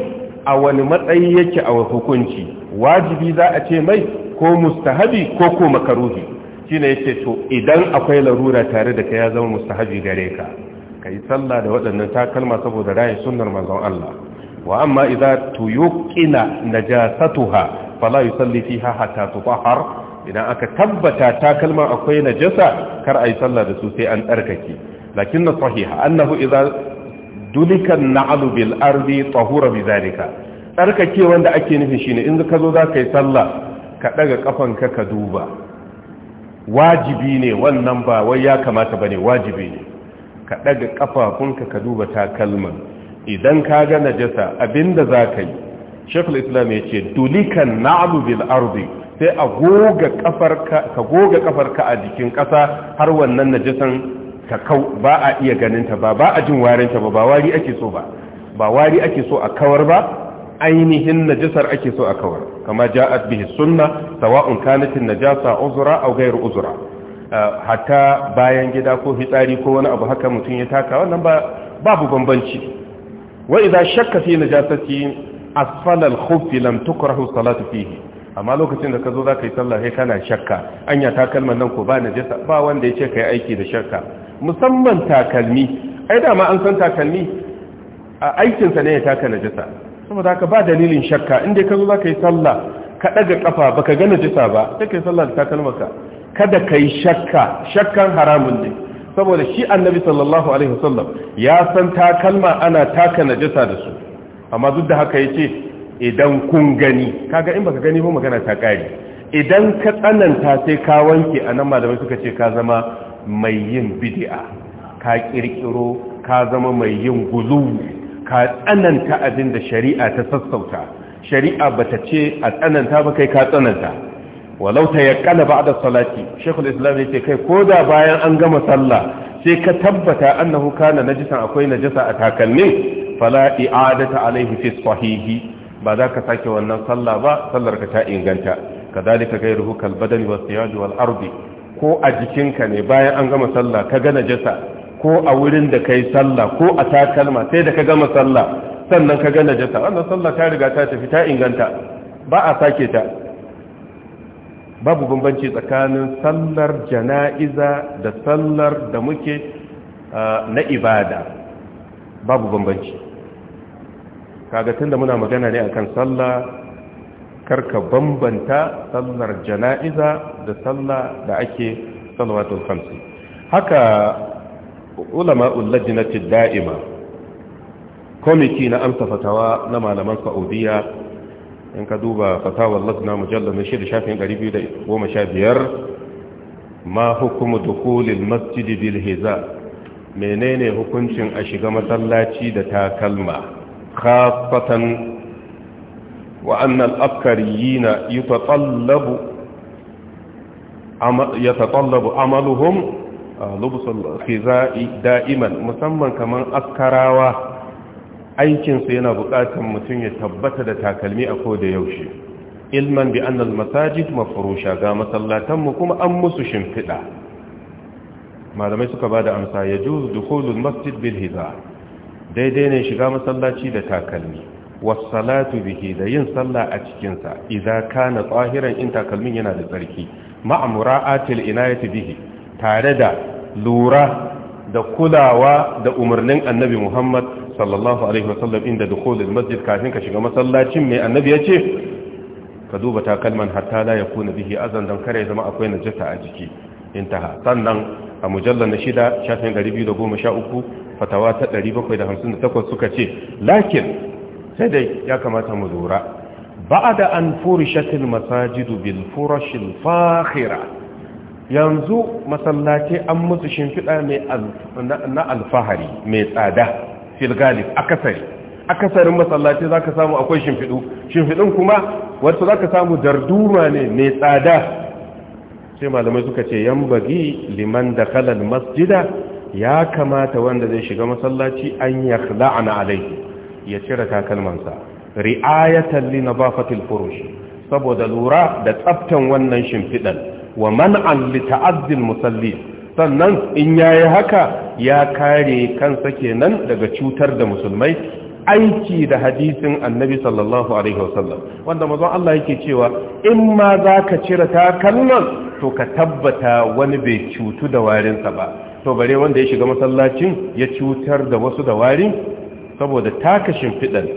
a wani matsayi yake a hukunci wajibi za a ce mai ko mustahabi ko ko makaruhi shine yace to idan akwai larura tare da ka ya zama mustahabi gare ka kai sallah da waɗannan takalma saboda rayi sunnar manzon Allah wa amma idza tuyqina najasatuha fala yusalli fiha hatta tutahhar idan aka tabbata takalman akwai najasa kar ayi sallah da su sai an tsarkake lakin na sahiha annahu idza dulika na'lu bil ardi tahura bi zalika tsarkake wanda ake nufi shine in ka zo za ka yi sallah ka daga kafanka ka duba wajibi ne wannan ba wai ya kamata bane wajibi ne ka daga kafafunka ka duba takalman idan ka ga najasa abinda za ka yi shekul islam ya ce dulikan na'lu bil sai ka goga ƙafarka a jikin ƙasa har wannan najasan ta ba a iya ganinta ba ba a jin warinta ba ba wari ake so ba ba wari ake so a kawar ba ainihin najasar ake so a kawar kama ja'at bihi sunna sawa'un kanatin najasa uzra aw ghayr uzra uh, hatta bayan gida ko fitsari ko wani abu haka mutum ya taka wannan ba babu bambanci wa idza shakka fi najasati asfala al-khuffi lam tukrahu salatu fihi amma lokacin da ka zo zaka yi sallah sai kana shakka anya takalman nan ko ba najasa ba wanda yace kai aiki da shakka musamman takalmi ai dama an san takalmi a aikinsa ne ya taka najasa saboda haka ba dalilin shakka inda ka zo za ka yi sallah ka ɗaga ƙafa ba ka ga najasa ba sai ka sallah da ka. kada ka yi shakka shakkan haramun ne saboda shi annabi sallallahu alaihi wasallam ya san takalma ana taka najasa da su amma duk da haka yace idan kun gani kaga in baka gani ba magana ta kare idan ka tsananta sai ka wanke a nan malamai suka ce ka zama mai yin bidi'a ka kirkiro ka zama mai yin gulu ka tsananta abin da shari'a ta sassauta shari'a bata ce a tsananta ba kai ka tsananta walau ta yakana ba'da salati shekul islam yace kai ko da bayan an gama sallah sai ka tabbata annahu kana najisan akwai najasa a takalmin fala i'adata alaihi fi sahihi ba za ka sake wannan sallah ba sallar ka ta inganta kadhalika ghayruhu kal badani was siyaj wal ardi ko a jikinka ne bayan an gama sallah ka gana jasa, ko a wurin da kai sallah ko a takalma sai da ka gama sallah sannan ka gana jasa. wannan sallah ta riga ta tafi ta inganta ba a sake ta babu bambanci tsakanin sallar jana'iza da sallar da muke na ibada babu bambanci kaga tunda muna magana ne akan sallah karka bambanta sallar jana'iza da sallah da ake salawatul khamsi haka ulama'ul lajnati da'ima komiti na amsa fatawa na malaman saudiya in ka duba fatawar lajna mujallar na shirin shafin 215 ma hukumu dukulil masjidi bil hiza menene hukuncin a shiga masallaci da takalma khasatan Wa'annan الأبكريين يتطلب يتطلب عملهم لبس الخزاء دائما مسمى كمان أبكراوة aikin sa yana bukatan mutum ya tabbata da takalmi a koda yaushe ilman bi annal masajid mafrusha ga masallatan kuma an musu shimfida malamai suka ba da amsa ya yajuz dukhulul masjid bilhiza. daidai ne shiga masallaci da takalmi wasalatu bihi da yin sallah a cikinsa idan kana tsahiran in takalmin yana da tsarki ma'amura atil inayati bihi tare da lura da kulawa da umarnin annabi Muhammad sallallahu alaihi wasallam inda dukhulul masjid kafin ka shiga masallacin mai annabi ya ce ka duba takalman hatta la kuna bihi azan don kare zama akwai najasa a jiki intaha sannan a mujallar na shida shafin 213 fatawa ta 758 suka ce lakin sai dai ya kamata mu lura ba'da an furishatil masajidu bil furashil fakhira yanzu masallaci an musu shimfiɗa mai na alfahari mai tsada fil galib akasari akasarin masallaci zaka samu akwai shimfiɗu shimfiɗin kuma wato zaka samu darduma ne mai tsada sai malamai suka ce yan bagi liman da kalal masjida ya kamata wanda zai shiga masallaci an ya la'ana alaihi ya cire takalmansa ri'ayatan li nazafatil furush saboda lura da tsaftan wannan shimfidan wa man'an li ta'addil musalli sannan in yayi haka ya kare kansa kenan daga cutar da musulmai aiki da hadisin annabi sallallahu alaihi wasallam wanda mazan Allah yake cewa in ma za ka cire takalman to ka tabbata wani bai cutu da warinsa ba to bare wanda ya shiga masallacin ya cutar da wasu da warin saboda taka shimfidan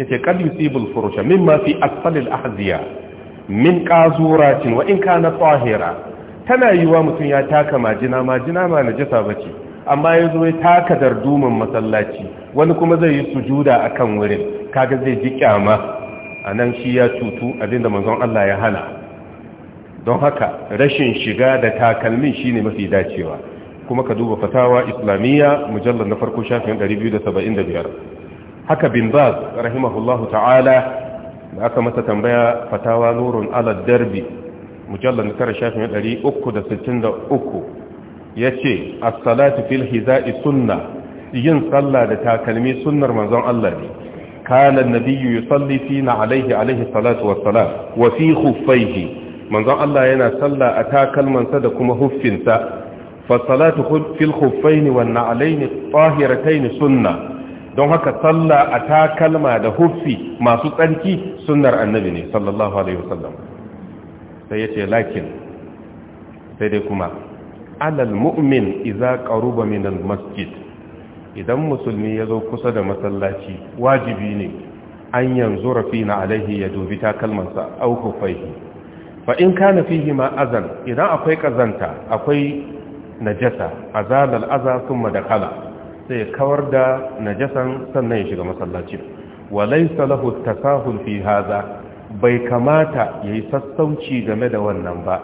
yace qad yusibul furusha mimma fi asfalil ahziya min qazuratin wa in kana tahira tana yiwa mutum ya taka majina majina ma najasa bace amma yazo ya taka dardumin masallaci wani kuma zai yi sujuda akan wurin kaga zai ji kyama anan shi ya cutu abinda manzon Allah ya hana don haka rashin shiga da takalmin shine mafi dacewa kuma ka duba fatawa islamiyya mujallar na farko shafin 275 haka bin baz rahimahullahu ta'ala da aka masa tambaya fatawa nurun ala darbi mujallar na tara shafin 363 ya ce assalatu fil hiza'i sunna yin sallah da takalmi sunnar manzon Allah ne kana nabiyyu yusalli fina alaihi alaihi salatu wassalam wa fi khuffaihi manzon Allah yana sallah a takalmansa da kuma huffinsa fasalatu fil khuffaini wan na'alaini tahirataini sunna don haka sallah a takalma da huffi masu tsarki sunnar annabi ne sallallahu alaihi wasallam sai yace lakin sai dai kuma alal mu'min idza qaruba min al masjid idan musulmi ya zo kusa da masallaci wajibi ne an yanzu rafina alaihi ya dubi sa, au hufaihi fa in kana fihi ma azan idan akwai kazanta akwai najasa azalal aza sun dakhala sai kawar da najasan sannan ya shiga masallaci walaysa lahu tasahul fi haza bai kamata yayi sassauci game da wannan ba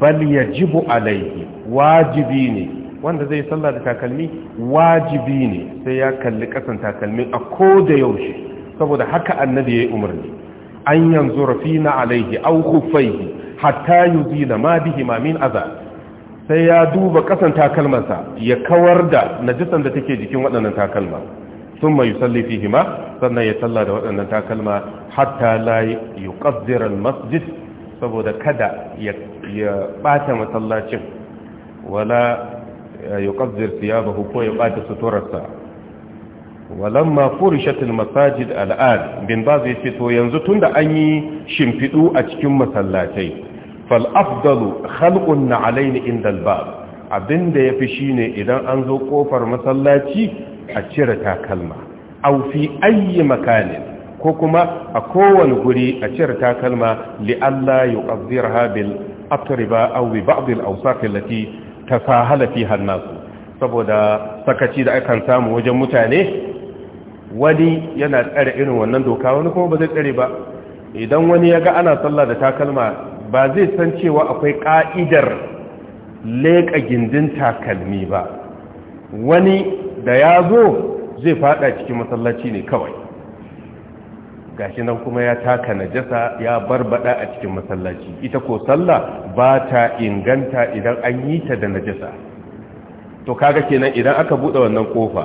bal ya jibu alaihi wajibi ne wanda zai sallah da takalmi wajibi ne sai ya kalli kasan takalmi a ko da yaushe saboda haka annabi yi umarni an yanzu rafina alaihi au khuffaihi hatta yuzila ma bihi ma min azab sai ya duba kasan takalmansa ya kawar da najisan da take jikin waɗannan takalma sun mai yusalli fi hima sannan ya salla da waɗannan takalma hatta la yuqaddira masjid saboda kada ya ɓata masallacin wala eh, yuqaddir thiyabahu ko ya ɓata suturarsa walan walamma furishat masajid al'ad bin ba zai fito yanzu tun da an yi shimfiɗu a cikin masallatai fal'afdalu halƙun na alaini inda abinda abin da ya fi shi ne idan an zo ƙofar masallaci a cire takalma au fi ayi makanin ko kuma a kowane guri a cire takalma li'alla yi ƙazzir habil afiriba au bi ba'adil ausafin lati ta sahala hannasu saboda sakaci da akan samu wajen mutane wani yana tsare irin wannan doka wani kuma ba zai tsare ba idan wani ya ga ana sallah da takalma ba zai san cewa akwai ƙa'idar leƙa gindin takalmi ba wani da ya zo zai fada cikin masallaci ne kawai gashi nan kuma ya taka najasa ya barbada a cikin masallaci ita ko sallah ba ta inganta idan an yi ta da najasa to kaga kenan idan aka buɗe wannan kofa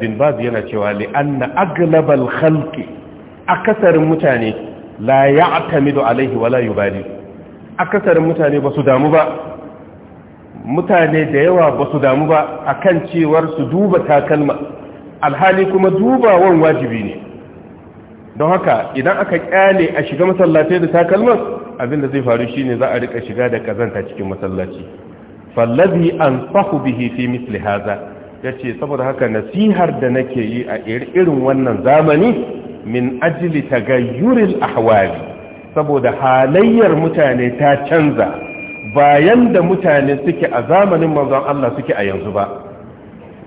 bin baz yana cewa li'anna agalabal halki a akasarin mutane la ya'tamidu alaihi wala yubali akasarin mutane ba su damu ba mutane da yawa ba su damu ba a kan cewar su duba takalma alhali kuma dubawan wajibi ne don haka idan aka kyale a shiga masallatai da takalman abinda zai faru shine za a rika shiga da kazanta cikin masallaci fallazi fahu bihi fi misli ya yace saboda haka nasihar da nake yi a irin wannan zamani min ajli tagayyuril ahwali saboda halayyar mutane ta canza bayan da mutane suke a zamanin manzon Allah suke a yanzu ba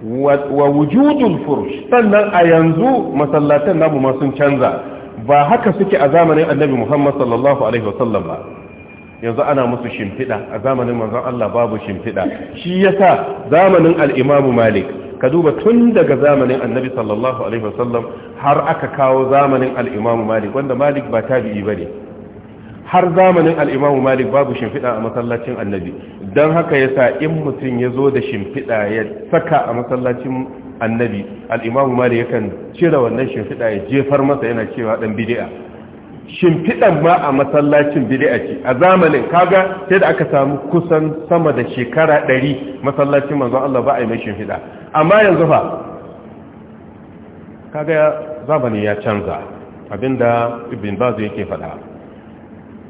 wa wujudul furush sannan a yanzu masallatan namu ma sun canza ba haka suke a zamanin annabi Muhammad sallallahu alaihi wasallam ba yanzu ana musu shimfiɗa a zamanin manzon Allah babu shimfiɗa shi yasa zamanin al-Imam Malik ka duba tun daga zamanin annabi sallallahu alaihi wasallam har aka kawo zamanin al'imamu malik wanda malik ba tabi'i ba ne har zamanin al'imamu malik babu shimfiɗa a masallacin annabi don haka ya sa in mutum ya zo da shimfiɗa ya saka a masallacin annabi al'imamu malik yakan cire wannan shimfiɗa ya jefar masa yana cewa ɗan bidi'a shimfiɗan ma a masallacin bid'a ce a zamanin kaga sai da aka samu kusan sama da shekara ɗari masallacin manzon Allah ba a yi mai shimfiɗa amma yanzu fa kaga zamanin ya canza abinda ibn Bazu yake faɗa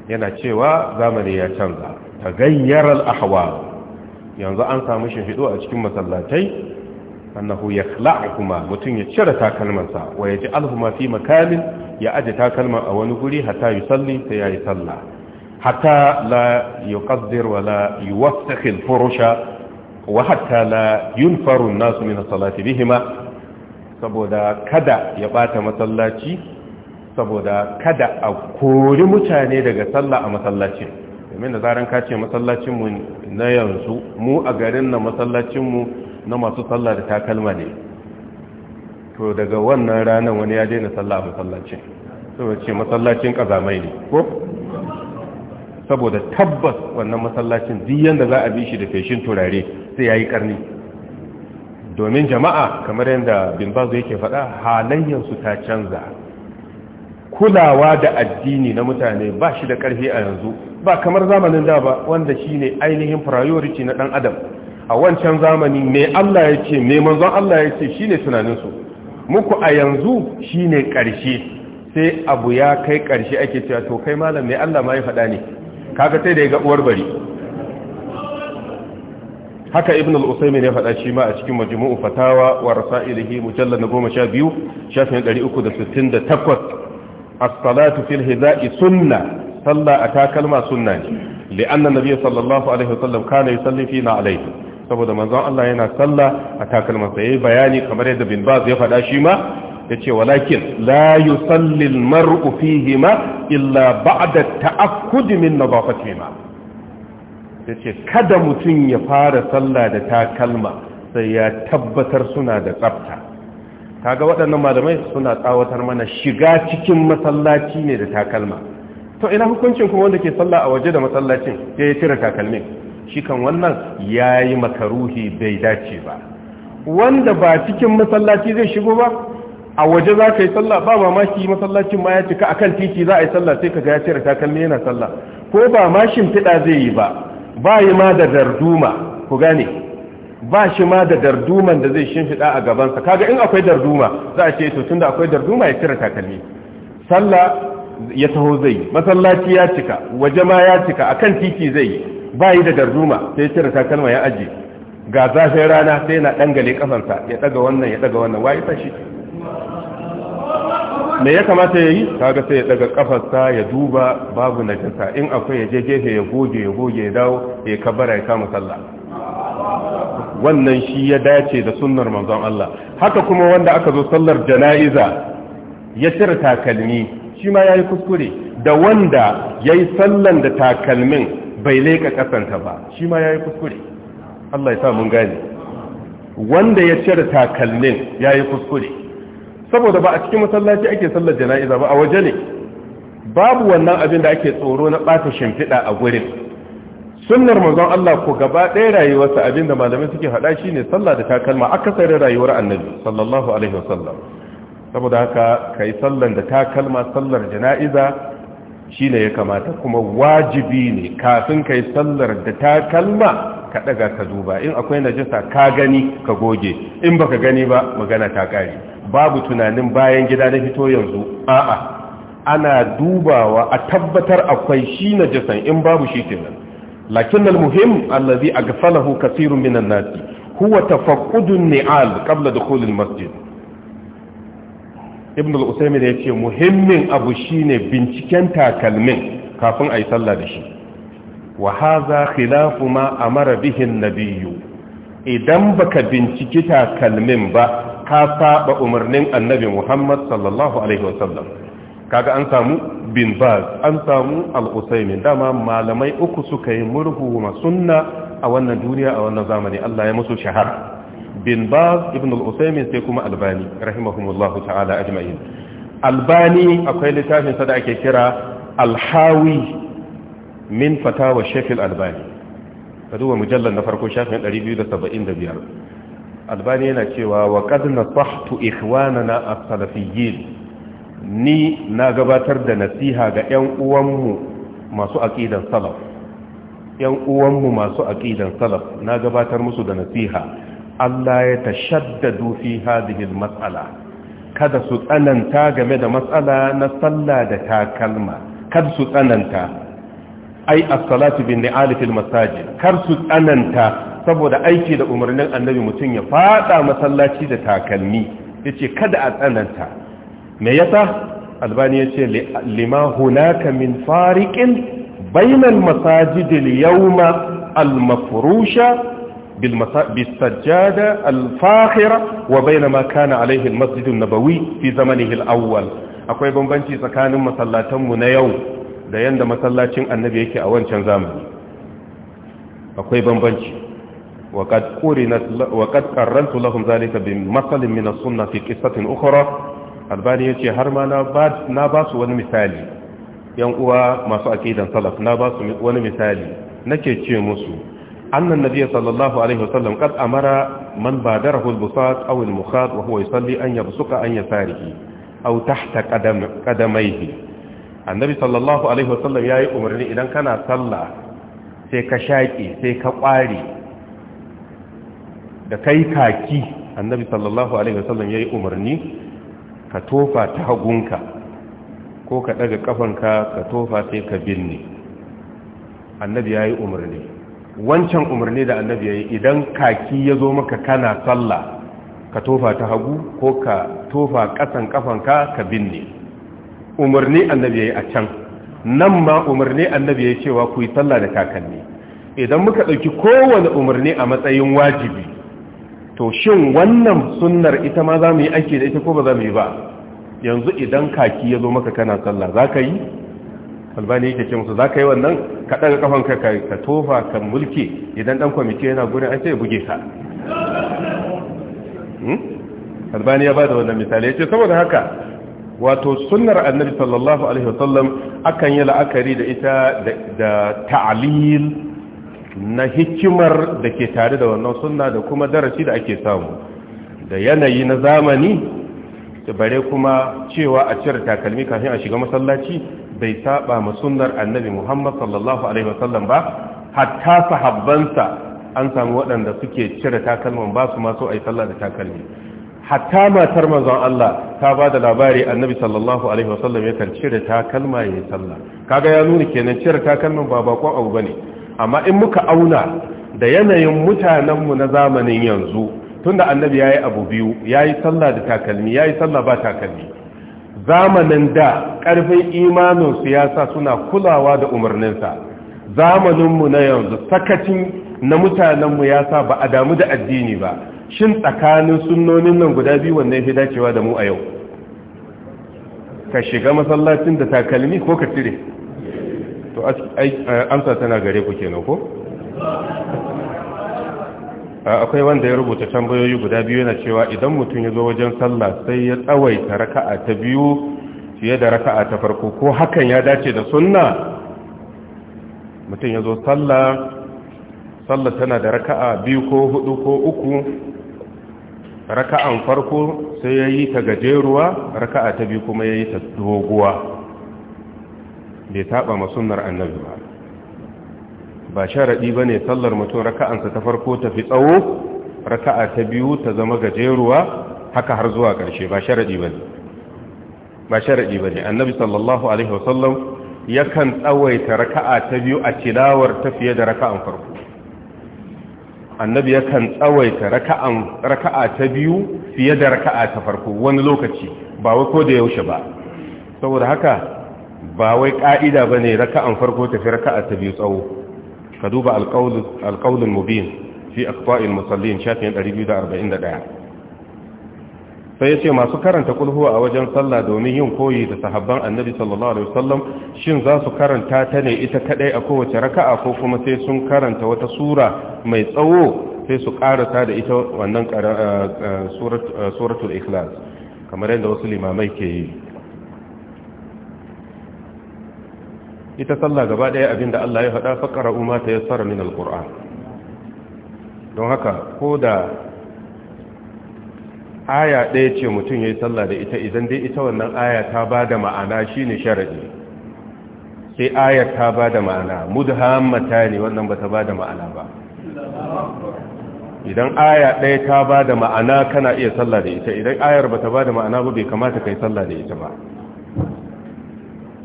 yana cewa zamani ya canza ta gayyar al'ahwa yanzu an samu shimfiɗo a cikin masallatai annahu kuma mutum ya cire takalmansa wa yaji alhuma fi makamin ya aje takalma a wani guri hatta salli sai yi sallah hatta la yuqaddir wa la yuwassikh al-furusha wa hatta la yunfaru an-nas min salati bihima saboda kada ya bata masallaci saboda kada a kori mutane daga sallah a masallacin domin da zaran ka ce masallacin na yanzu mu a garin na masallacinmu. na masu sallah da takalma ne to daga wannan ranar wani ya daina sallah a masallacin saboda ce masallacin kazamai ne ko saboda tabbas wannan masallacin duk da za a bi shi da feshin turare sai ya yi karni domin jama'a kamar yadda bin yake faɗa halayyarsu ta canza kulawa da addini na mutane ba shi da ƙarfi a yanzu ba kamar zamanin da ba wanda shi ne ainihin priority na ɗan adam a wancan zamani me Allah ya ce me manzon Allah ya ce shine tunaninsu muku a yanzu shine ƙarshe sai abu ya kai ƙarshe ake cewa to kai malam ne Allah ma ya faɗa ne kaga sai da ya ga uwar bari haka ibn al-usaymin ya faɗa shi ma a cikin majmu'u fatawa wa rasailihi mujallad na 12 shafin 368 as-salatu fil hida'i sunna sallah a takalma sunna ne li'anna nabiyyu sallallahu alaihi wasallam kana yusalli fina alaihi saboda manzon Allah yana sallah a takalman yayi bayani kamar yadda bin Baz ya faɗa shi ma yace walakin la yusalli al fihima illa ba'da ta'akkud min nadafatihima yace kada mutun ya fara sallah da takalma sai ya tabbatar suna da tsafta kaga waɗannan malamai suna tsawatar mana shiga cikin masallaci ne da takalma to ina hukuncin kuma wanda ke sallah a waje da masallacin ya yi cire takalmin shi kan wannan ya yi makaruhi bai dace ba wanda ba cikin masallaci zai shigo ba a waje za ka yi sallah ba mamaki masallacin ma ya cika akan titi za a yi sallah sai ka ga ya cire takalmi yana sallah ko ba mashin fiɗa zai yi ba ba yi ma da darduma ku gane ba shi ma da darduman da zai shimfiɗa a gabansa kaga in akwai darduma za a ce to tunda akwai darduma ya cire takalmi sallah ya taho zai yi. masallaci ya cika waje ma ya cika akan titi zai yi ba yi da darduma sai cire takalma ya aji ga zafin rana sai na dangale ƙasarsa ya ɗaga wannan ya ɗaga wannan waye ta me ya kamata ya yi kaga sai ya ɗaga ƙafarsa ya duba babu najasa in akwai ya je gefe ya goge ya goge ya dawo ya kabara ya kama sallah wannan shi ya dace da sunnar manzon Allah haka kuma wanda aka zo sallar jana'iza ya cire takalmi shi ma yi kuskure da wanda ya yi sallan da takalmin bai leka kasanta ba shi ma yi kuskure Allah ya sa mun gane wanda ya cire takallin yi kuskure saboda ba a cikin masallaci ake sallar jana'iza ba a waje ne babu wannan abin da ake tsoro na ɓata shimfiɗa a gurin sunnar manzon Allah ko gaba ɗaya rayuwarsa abin da malamai suke faɗa ne sallah da takalma akasarin rayuwar annabi sallallahu alaihi wasallam saboda haka kai sallan da takalma sallar jana'iza shine ya kamata kuma wajibi ne kafin yi sallar da ta kalma ka daga ka duba in akwai najasa ka gani ka goge in baka gani ba magana ta kare babu tunanin bayan gida na fito yanzu a'a ana dubawa a tabbatar akwai shi najasan in babu shi kenan lakin almuhim allazi aghfalahu kathirun minan nas huwa tafaqqudun ni'al qabla dukhul masjid. ibn al-usaymi ya ce muhimmin abu shine binciken takalmin kafin ayi sallah da shi wa khilafu ma amara bihin an-nabiyyu idan baka binciki takalmin ba ka saba umarnin annabi Muhammad sallallahu alaihi wasallam kaga an samu bin baz an samu al-usaymi dama malamai uku suka yi murhu ma sunna a wannan duniya a wannan zamani Allah ya musu shahara bin baz ibn usaimin sai kuma albani rahimahumullahu ta'ala ajma'in albani akwai littafin sa da ake kira alhawi min wa shekul albani ka duba mujallar na farko shafin 275 albani yana cewa wa qad nasahtu ikhwanana a salafiyyin ni na gabatar da nasiha ga 'yan uwanmu masu aƙidan salaf 'yan uwanmu masu aƙidan salaf na gabatar musu da nasiha Allah ya tashaddadu fi hadhihi al-mas'ala kada su tsananta game da matsala na sallah da takalma kada su tsananta ai as-salatu bin ni'ali fil masajid kar su tsananta saboda aiki da umarnin annabi mutum ya fada masallaci da takalmi yace kada a tsananta me yasa albani yace lima hunaka min fariqin bainal masajid al-yawma al-mafrusha بالسجادة الفاخرة وبين ما كان عليه المسجد النبوي في زمنه الأول akwai bambanci tsakanin masallatanmu na yau da yanda masallacin annabi yake a wancan zamani akwai bambanci وقد قرنت وقد قرنت لهم ذلك بمثل من السنة في قصة أخرى albani ya ce har ma na ba wani misali yan uwa masu aƙidan salaf na wani misali nake ce musu annan nabiy sallallahu alaihi wasallam kad amara man badarahu al-busat aw al-mukhat wa huwa yusalli an yabsuka an yasarihi aw tahta qadam qadamayhi annabi sallallahu alaihi wasallam yayi umarni idan kana sallah sai ka shaki sai ka ƙware da kai kaki annabi sallallahu alaihi wasallam yayi umarni ka tofa hagunka ko ka ɗaga kafanka ka ka binne annabi yayi umarni wancan umarni da annabi ya yi idan kaki ya zo maka kana sallah ka tofa ta hagu ko ka tofa kasan ƙafanka ka binne umarni annabi ya a can nan ma umarni annabi ya cewa ku yi sallah da kakanni idan muka ɗauki kowane umarni a matsayin wajibi to shin wannan sunnar ita ma za mu yi aiki da ita ko ba za mu yi ba yanzu idan kaki ya zo maka kana sallah za ka yi albani yake ce musu za ka yi wannan ka ɗaga kafanka ka tofa ka mulki idan ɗan kwamiti yana gurin an ce ya buge ka hmm? albani ya ba da wannan misali ya ce saboda haka wato sunar annabi sallallahu alaihi wasallam akan yi la'akari da ita da ta'alil na hikimar da ke tare da wannan sunna da kuma darasi da ake samu da yanayi na zamani da bare kuma cewa a cire takalmi kafin a shiga masallaci bai saba ma sunnar annabi Muhammad sallallahu alaihi wasallam ba hatta sahabbansa an samu waɗanda suke cire takalman ba su ma ai sallah da takalmi hatta matar manzon Allah ta ba da labari annabi sallallahu alaihi wasallam yakan cire takalma yayin sallah kaga ya nuna kenan cire takalman ba bakon abu bane amma in muka auna da yanayin mutanenmu na zamanin yanzu tunda annabi yayi abu biyu yayi sallah da takalmi yayi sallah ba takalmi zamanin da ƙarfin imanin siyasa suna kulawa da umarninsa zamaninmu na yanzu sakacin na mutanenmu ya sa ba a damu da addini ba shin tsakanin sunnonin nan guda biyu wannan fi dacewa da mu a yau ka shiga masallacin da takalmi ko ka cire to eh, amsa tana gare ku kenan ko akwai wanda ya rubuta tambayoyi guda biyu yana cewa idan mutum ya zo wajen sallah sai ya tsawaita raka'a ta biyu fiye da raka'a ta farko ko hakan ya dace da sunna mutum ya zo sallah sallah tana da raka'a biyu ko hudu ko uku raka'an farko sai ya yi ta gajeruwa raka'a ta biyu kuma ya yi ta doguwa bai taɓa ma sunnar annabi ba ba sharaɗi ba ne sallar mutum raka'ansa ta farko ta fi tsawo raka'a ta biyu ta zama gajeruwa haka har zuwa ƙarshe ba sharaɗi ba ne ba sharaɗi ba ne annabi sallallahu alaihi wasallam yakan tsawaita raka'a ta biyu a tilawar ta fiye da raka'an farko annabi yakan tsawaita raka'a ta biyu fiye da raka'a ta farko wani lokaci ba wai ko da yaushe ba saboda haka ba wai ƙa'ida ba ne raka'an farko tafi raka'a ta biyu tsawo ka duba alƙaunin mubin fi akwa'il musallin shafin 241 sai ya ce masu karanta kulhuwa a wajen sallah domin yin koyi da sahaban annabi sallallahu shin za su karanta ta ne ita kadai a kowace raka'a ko kuma sai sun karanta wata sura mai tsawo sai su karata da ita wannan eh, eh, eh, suratul ikhlas kamar yadda wasu limamai ke yi ita sallah gaba ɗaya da Allah ya faɗa faƙara umma ta yassara min alƙur'an don haka ko da aya ɗaya ce mutum ya yi sallah da ita idan dai ita wannan aya ta ba ma'ana shi ne sharaɗi sai ayar ta ba da ma'ana mudhammata ne wannan ba ta ma'ana ba idan aya ɗaya ta ba ma'ana kana iya sallah da ita idan ayar bata ta ba da ma'ana ba bai kamata ka yi sallah da ita ba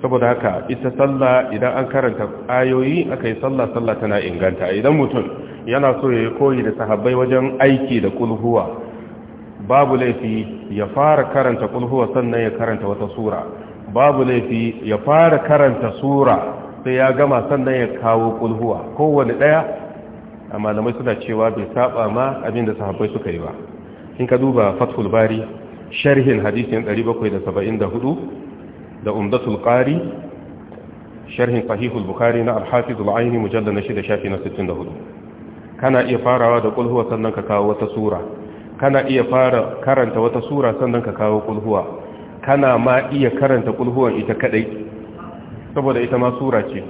saboda haka ita sallah idan an karanta ayoyi aka yi sallah sallah tana inganta idan mutum yana so ya yi koyi da sahabbai wajen aiki da kulhuwa babu laifi ya fara karanta kulhuwa sannan ya karanta wata sura babu laifi ya fara karanta sura sai ya gama sannan ya kawo kulhuwa kowane ɗaya a malamai suna cewa bai saba ma abin da sahabbai suka yi ba in ka duba fathul bari sharhin hadisin 774 da umdatul qari sharhin sahihul bukhari na al-hafiz al-aini mujallad na shida shafi na 64 kana iya farawa da ƙulhuwa sannan ka kawo wata sura kana iya fara karanta wata sura sannan ka kawo ƙulhuwa. kana ma iya karanta kulhuwan ita kadai saboda ita ma sura ce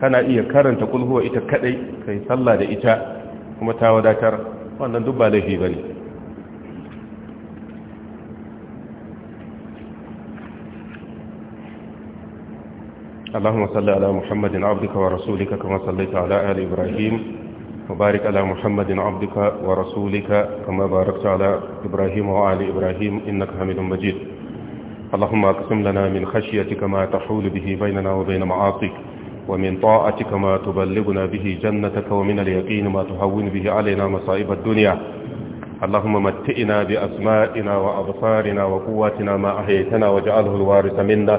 kana iya karanta ƙulhuwa ita kadai kai sallah da ita kuma ta wadatar wannan duk ba laifi bane اللهم صل على محمد عبدك ورسولك كما صليت على آل إبراهيم وبارك على محمد عبدك ورسولك كما باركت على إبراهيم وعلى إبراهيم إنك حميد مجيد اللهم اقسم لنا من خشيتك ما تحول به بيننا وبين معاصيك ومن طاعتك ما تبلغنا به جنتك ومن اليقين ما تهون به علينا مصائب الدنيا اللهم متئنا بأسمائنا وأبصارنا وقواتنا ما أحييتنا واجعله الوارث منا